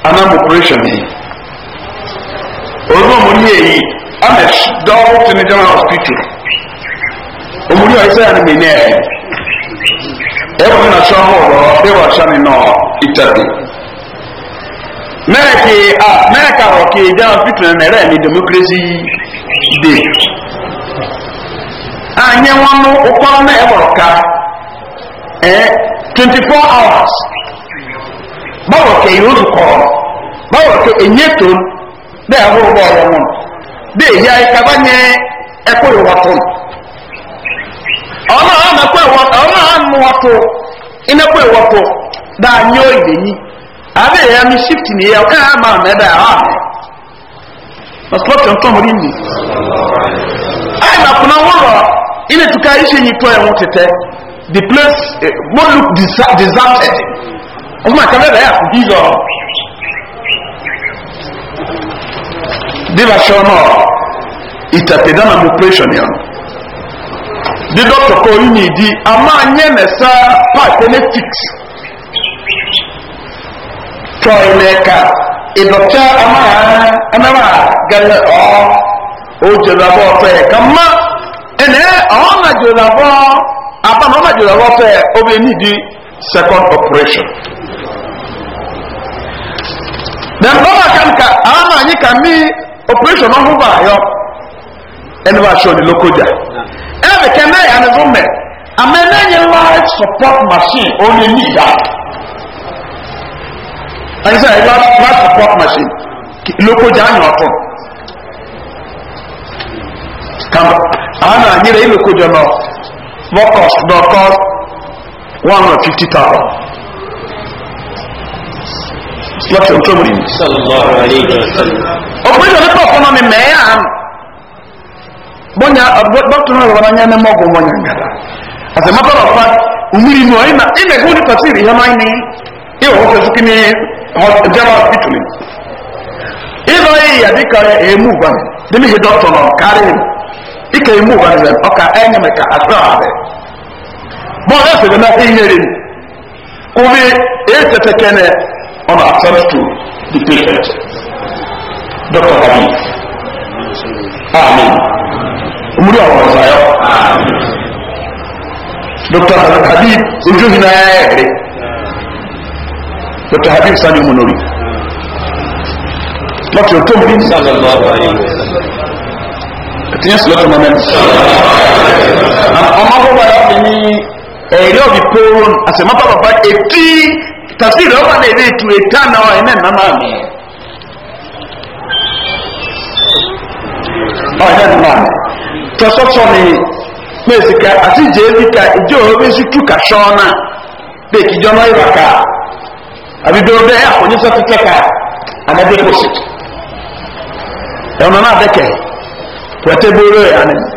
anam operation yi ɔdun ɔmo ni eyi ama dɔwɔ to ne general hospital ɔmo ni ɔyɛ sɛ ɛna mi nɛ ɛwɔ ne na sɔ hɔɔlɔ ɛwɔ ahyɛ ne nɔ itabi mɛɛki a mɛɛka ɔke general hospital na ɛrɛ ni democracy day a nyɛ wɔn no ɔkɔrɔ na ɛwɔ ka ɛɛ eh, twenty four hours. báwo kẹ yóò dùn kọ́ báwo kẹ ẹ̀yẹ tó bẹ́ẹ̀ wọ́n bọ̀ ọ̀rọ̀ wọn bẹ́ẹ̀ yá ẹ̀ka bá nyẹ ẹ̀kọ́ ìwà tó ọ̀nà àmà ẹ̀kọ́ ìwà tó dáa nyẹ yẹ mi shift ni yẹ ẹ̀ àmà àmà ẹ̀dá ọmọ àkàbẹ̀bẹ̀ yà kù bíbọ̀ bíbà sọ náà ìtàpédánà mú pírẹ́sọ̀n yẹn di dọ́kítọ̀ kọ́ orí yìí di a máa nyẹ́ nẹ̀sá páàkì ní fix tọ́ ẹ̀mẹ́ka ìdọ̀tí a máa ẹ̀mẹ́wà gẹ́lẹ́ ọ́ ó jẹ̀dọ̀bọ̀ ọ̀fẹ́ ẹ̀ka mọ́ ẹ̀nẹ́ ọ̀hún náà jẹ̀dọ̀bọ̀ abáná náà jẹ̀dọ̀bọ̀ ọ̀fẹ́ obìnrin ní di second operation then ọba kan ka ama anyi ka mi operation ọhụrụ ayọ ẹni bá aṣọ ni lókojá ẹbí kẹmẹ yà ni rúmẹ àmọ ẹni life support machine ó ní ní ìdá ẹni sẹ ẹni life support machine lókojá ni ọtún kàmọ àmọ anyi rẹ ilókojá náà workers doctors one hundred fifty thousand láti ọjọ́ mi. ọ̀pọ̀ ìjọba tó ọ̀pọ̀ náà mi mẹ́ yà án. bọ́nyà dọ́kítà náà lọ́wọ́ náà ní mọ́gùn wọn yàn gàdá. àti mọ́tò náà fa òmìnir nù ọ̀yìn náà ìmẹ̀ kó ní pàṣẹ ìrìn yẹn máa ń ní ìwọ̀ wọ́n fẹ́ẹ́ kíni jẹ́wọ́ hospital. ìlọ yìí yàdí kárẹ̀ èémú gbani níbi ìhè dọ́kítà náà kárẹ̀ ìkà èémú gbani rẹ̀ ọkà ẹ̀yẹmẹ̀ka àgbà rẹ̀. bọ́ọ̀lù ẹ̀sẹ̀ on access to the patient. Doctor Habib. Amen. Omuri ọ̀rọ̀ ọ̀sàyọ́. Doctor Habib ojú ìhìn náà Doctor Dr. Habib Sani Munori. Lọ́tí o tó mú ní ìsàlẹ̀ lọ. Ẹ̀tíyẹ́ sí lọ́tọ̀ mọ́mẹ́ntì. Ọmọ gbogbo ẹ̀rọ mi ní ẹ̀rí ọ̀bí pòórùn àti mọ́tò bàbá etí tafsiri ọba na ebe etu eta na ọ ene nna maami ọ ene nna maami tọsọsọ ni kpesi ka ati je ebi ka ije obi si tu ka sọ na beki jọ n'oyi baka abibi obe ya kọnyi sọ tete ka anabi kosi ẹ ọ nọ na adeke wete buru ya n'ani.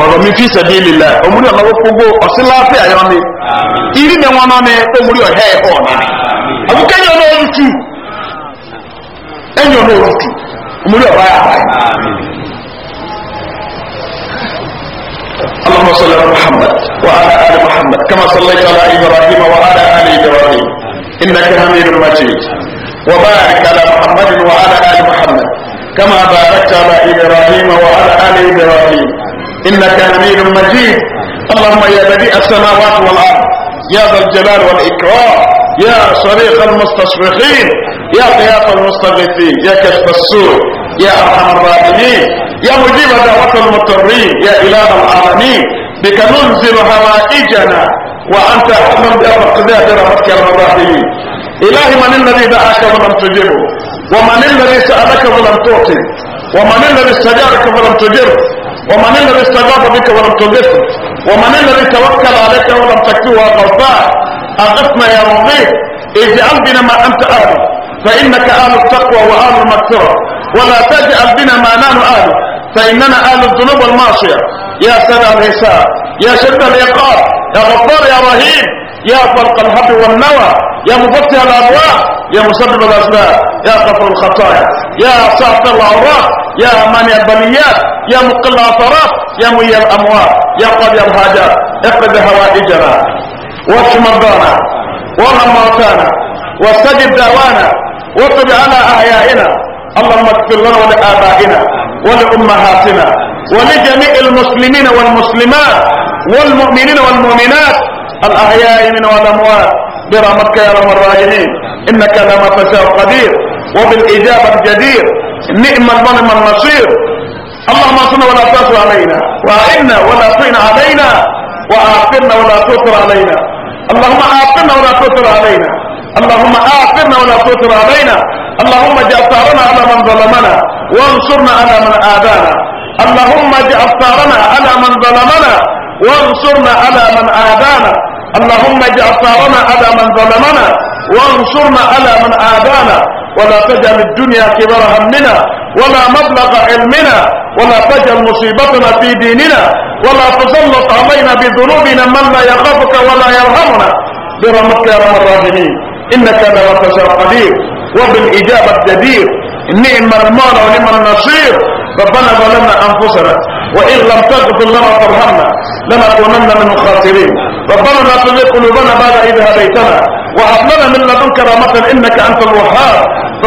ọ̀rọ̀ mi fi sẹ̀dí lílẹ̀ òmùrí ọ̀nà gbogbo ọ̀síláfẹ́ àyọ́ ni ìrí ni wọn ní òmùrí ọ̀hẹ́ ẹ̀họ́ ọ̀nà ni àbúkẹ́yìn ọ̀nà òun ẹ̀yìn òun tù òmùrí oba yà báyìí. اللهم صل على محمد وعلى ال محمد كما صليت على ابراهيم وعلى ال ابراهيم انك حميد مجيد وبارك على محمد وعلى ال محمد كما باركت على ابراهيم وعلى ال ابراهيم إنك حميد مجيد اللهم يا بديع السماوات والأرض يا ذا الجلال والإكرام يا صريخ المستصرخين يا غياث المستغيثين يا كشف السوء يا أرحم الراحمين يا مجيب دعوة المضطرين يا إله العالمين بك ننزل حوائجنا وأنت احمد يا مقدار رحمتك الراحمين إلهي من الذي دعاك ولم تجبه ومن الذي سألك ولم تعطي ومن الذي استجارك ولم تجره ومن الذي استجاب بك ولم تلبسه ومن الذي توكل عليك ولم تكفه غضبان اغثنا يا ربي اجعل بنا ما انت اهله فانك اهل التقوى واهل المغفره ولا تجعل بنا ما نحن اهله فاننا اهل الذنوب والمعصيه يا سلام الحساب يا شد العقاب يا غفار يا رهيب يا فرق الحب والنوى يا مفتح الابواب يا مسبب الاسباب يا غفر الخطايا يا صاحب العورات يا مانع البليات يا مقل عصرات يا مي الأموات يا قاضي الحاجات اقضي هوائجنا واشف مرضانا وارحم موتانا واستجب دعوانا واقض على أحيائنا اللهم اغفر لنا ولآبائنا ولأمهاتنا ولجميع المسلمين والمسلمات والمؤمنين والمؤمنات الأحياء من والأموات برحمتك يا رب الراحمين إنك لما تشاء قدير وبالإجابة جدير نعم المنم النصير اللهم صل ولا تغفر علينا وأعنا ولا تعن علينا وآثرنا ولا تؤثر علينا اللهم آثرنا ولا تؤثر علينا اللهم آثرنا ولا تؤثر علينا اللهم اجعل ثارنا على من ظلمنا وانصرنا على من آذانا اللهم اجعل ثارنا على من ظلمنا وانصرنا على من آذانا اللهم اجعل ثارنا على من ظلمنا وانصرنا على من عادانا ولا تجعل الدنيا كبر همنا ولا مبلغ علمنا ولا تجعل مصيبتنا في ديننا ولا تسلط علينا بذنوبنا من لا يخافك ولا يرحمنا برحمتك يا رب الراحمين انك لا تشاء قدير وبالاجابه الجدير نعم المولى ونعم النصير ربنا ظلمنا أنفسنا وإن لم تغفر لنا وترحمنا لنكونن من الخاسرين ربنا لا تزغ قلوبنا بعد إذ هديتنا وهب لنا من لدنك رحمة إنك أنت الوهاب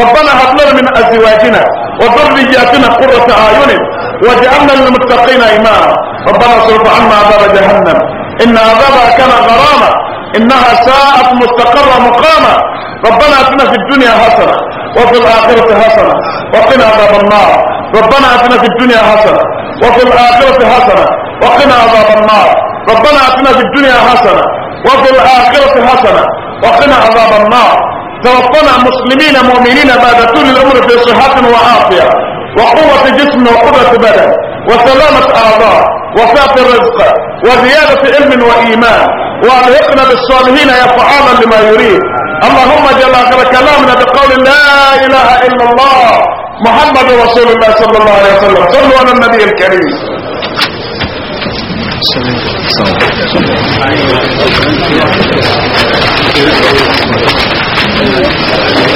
ربنا هب لنا من أزواجنا وذرياتنا قرة أعين واجعلنا للمتقين إماما ربنا صرف عنا عذاب جهنم إن عذابها كان غراما إنها ساءت مستقرة مقاما ربنا أتنا في الدنيا حسنة وفي الآخرة حسنة وقنا عذاب النار ربنا أتنا في الدنيا حسنة وفي الآخرة حسنة وقنا عذاب النار ربنا أتنا في الدنيا حسنة وفي الآخرة حسنة وقنا عذاب النار توفنا مسلمين مؤمنين بعد طول العمر في صحة وعافية وقوة جسم وقدرة بدن وسلامة أعضاء وسعة الرزق وزيادة علم وإيمان وألهقنا بالصالحين يفعالا لما يريد اللهم جل آخر كلامنا بقول لا إله إلا الله محمد رسول الله صلى الله عليه وسلم صلوا على النبي الكريم Thank you.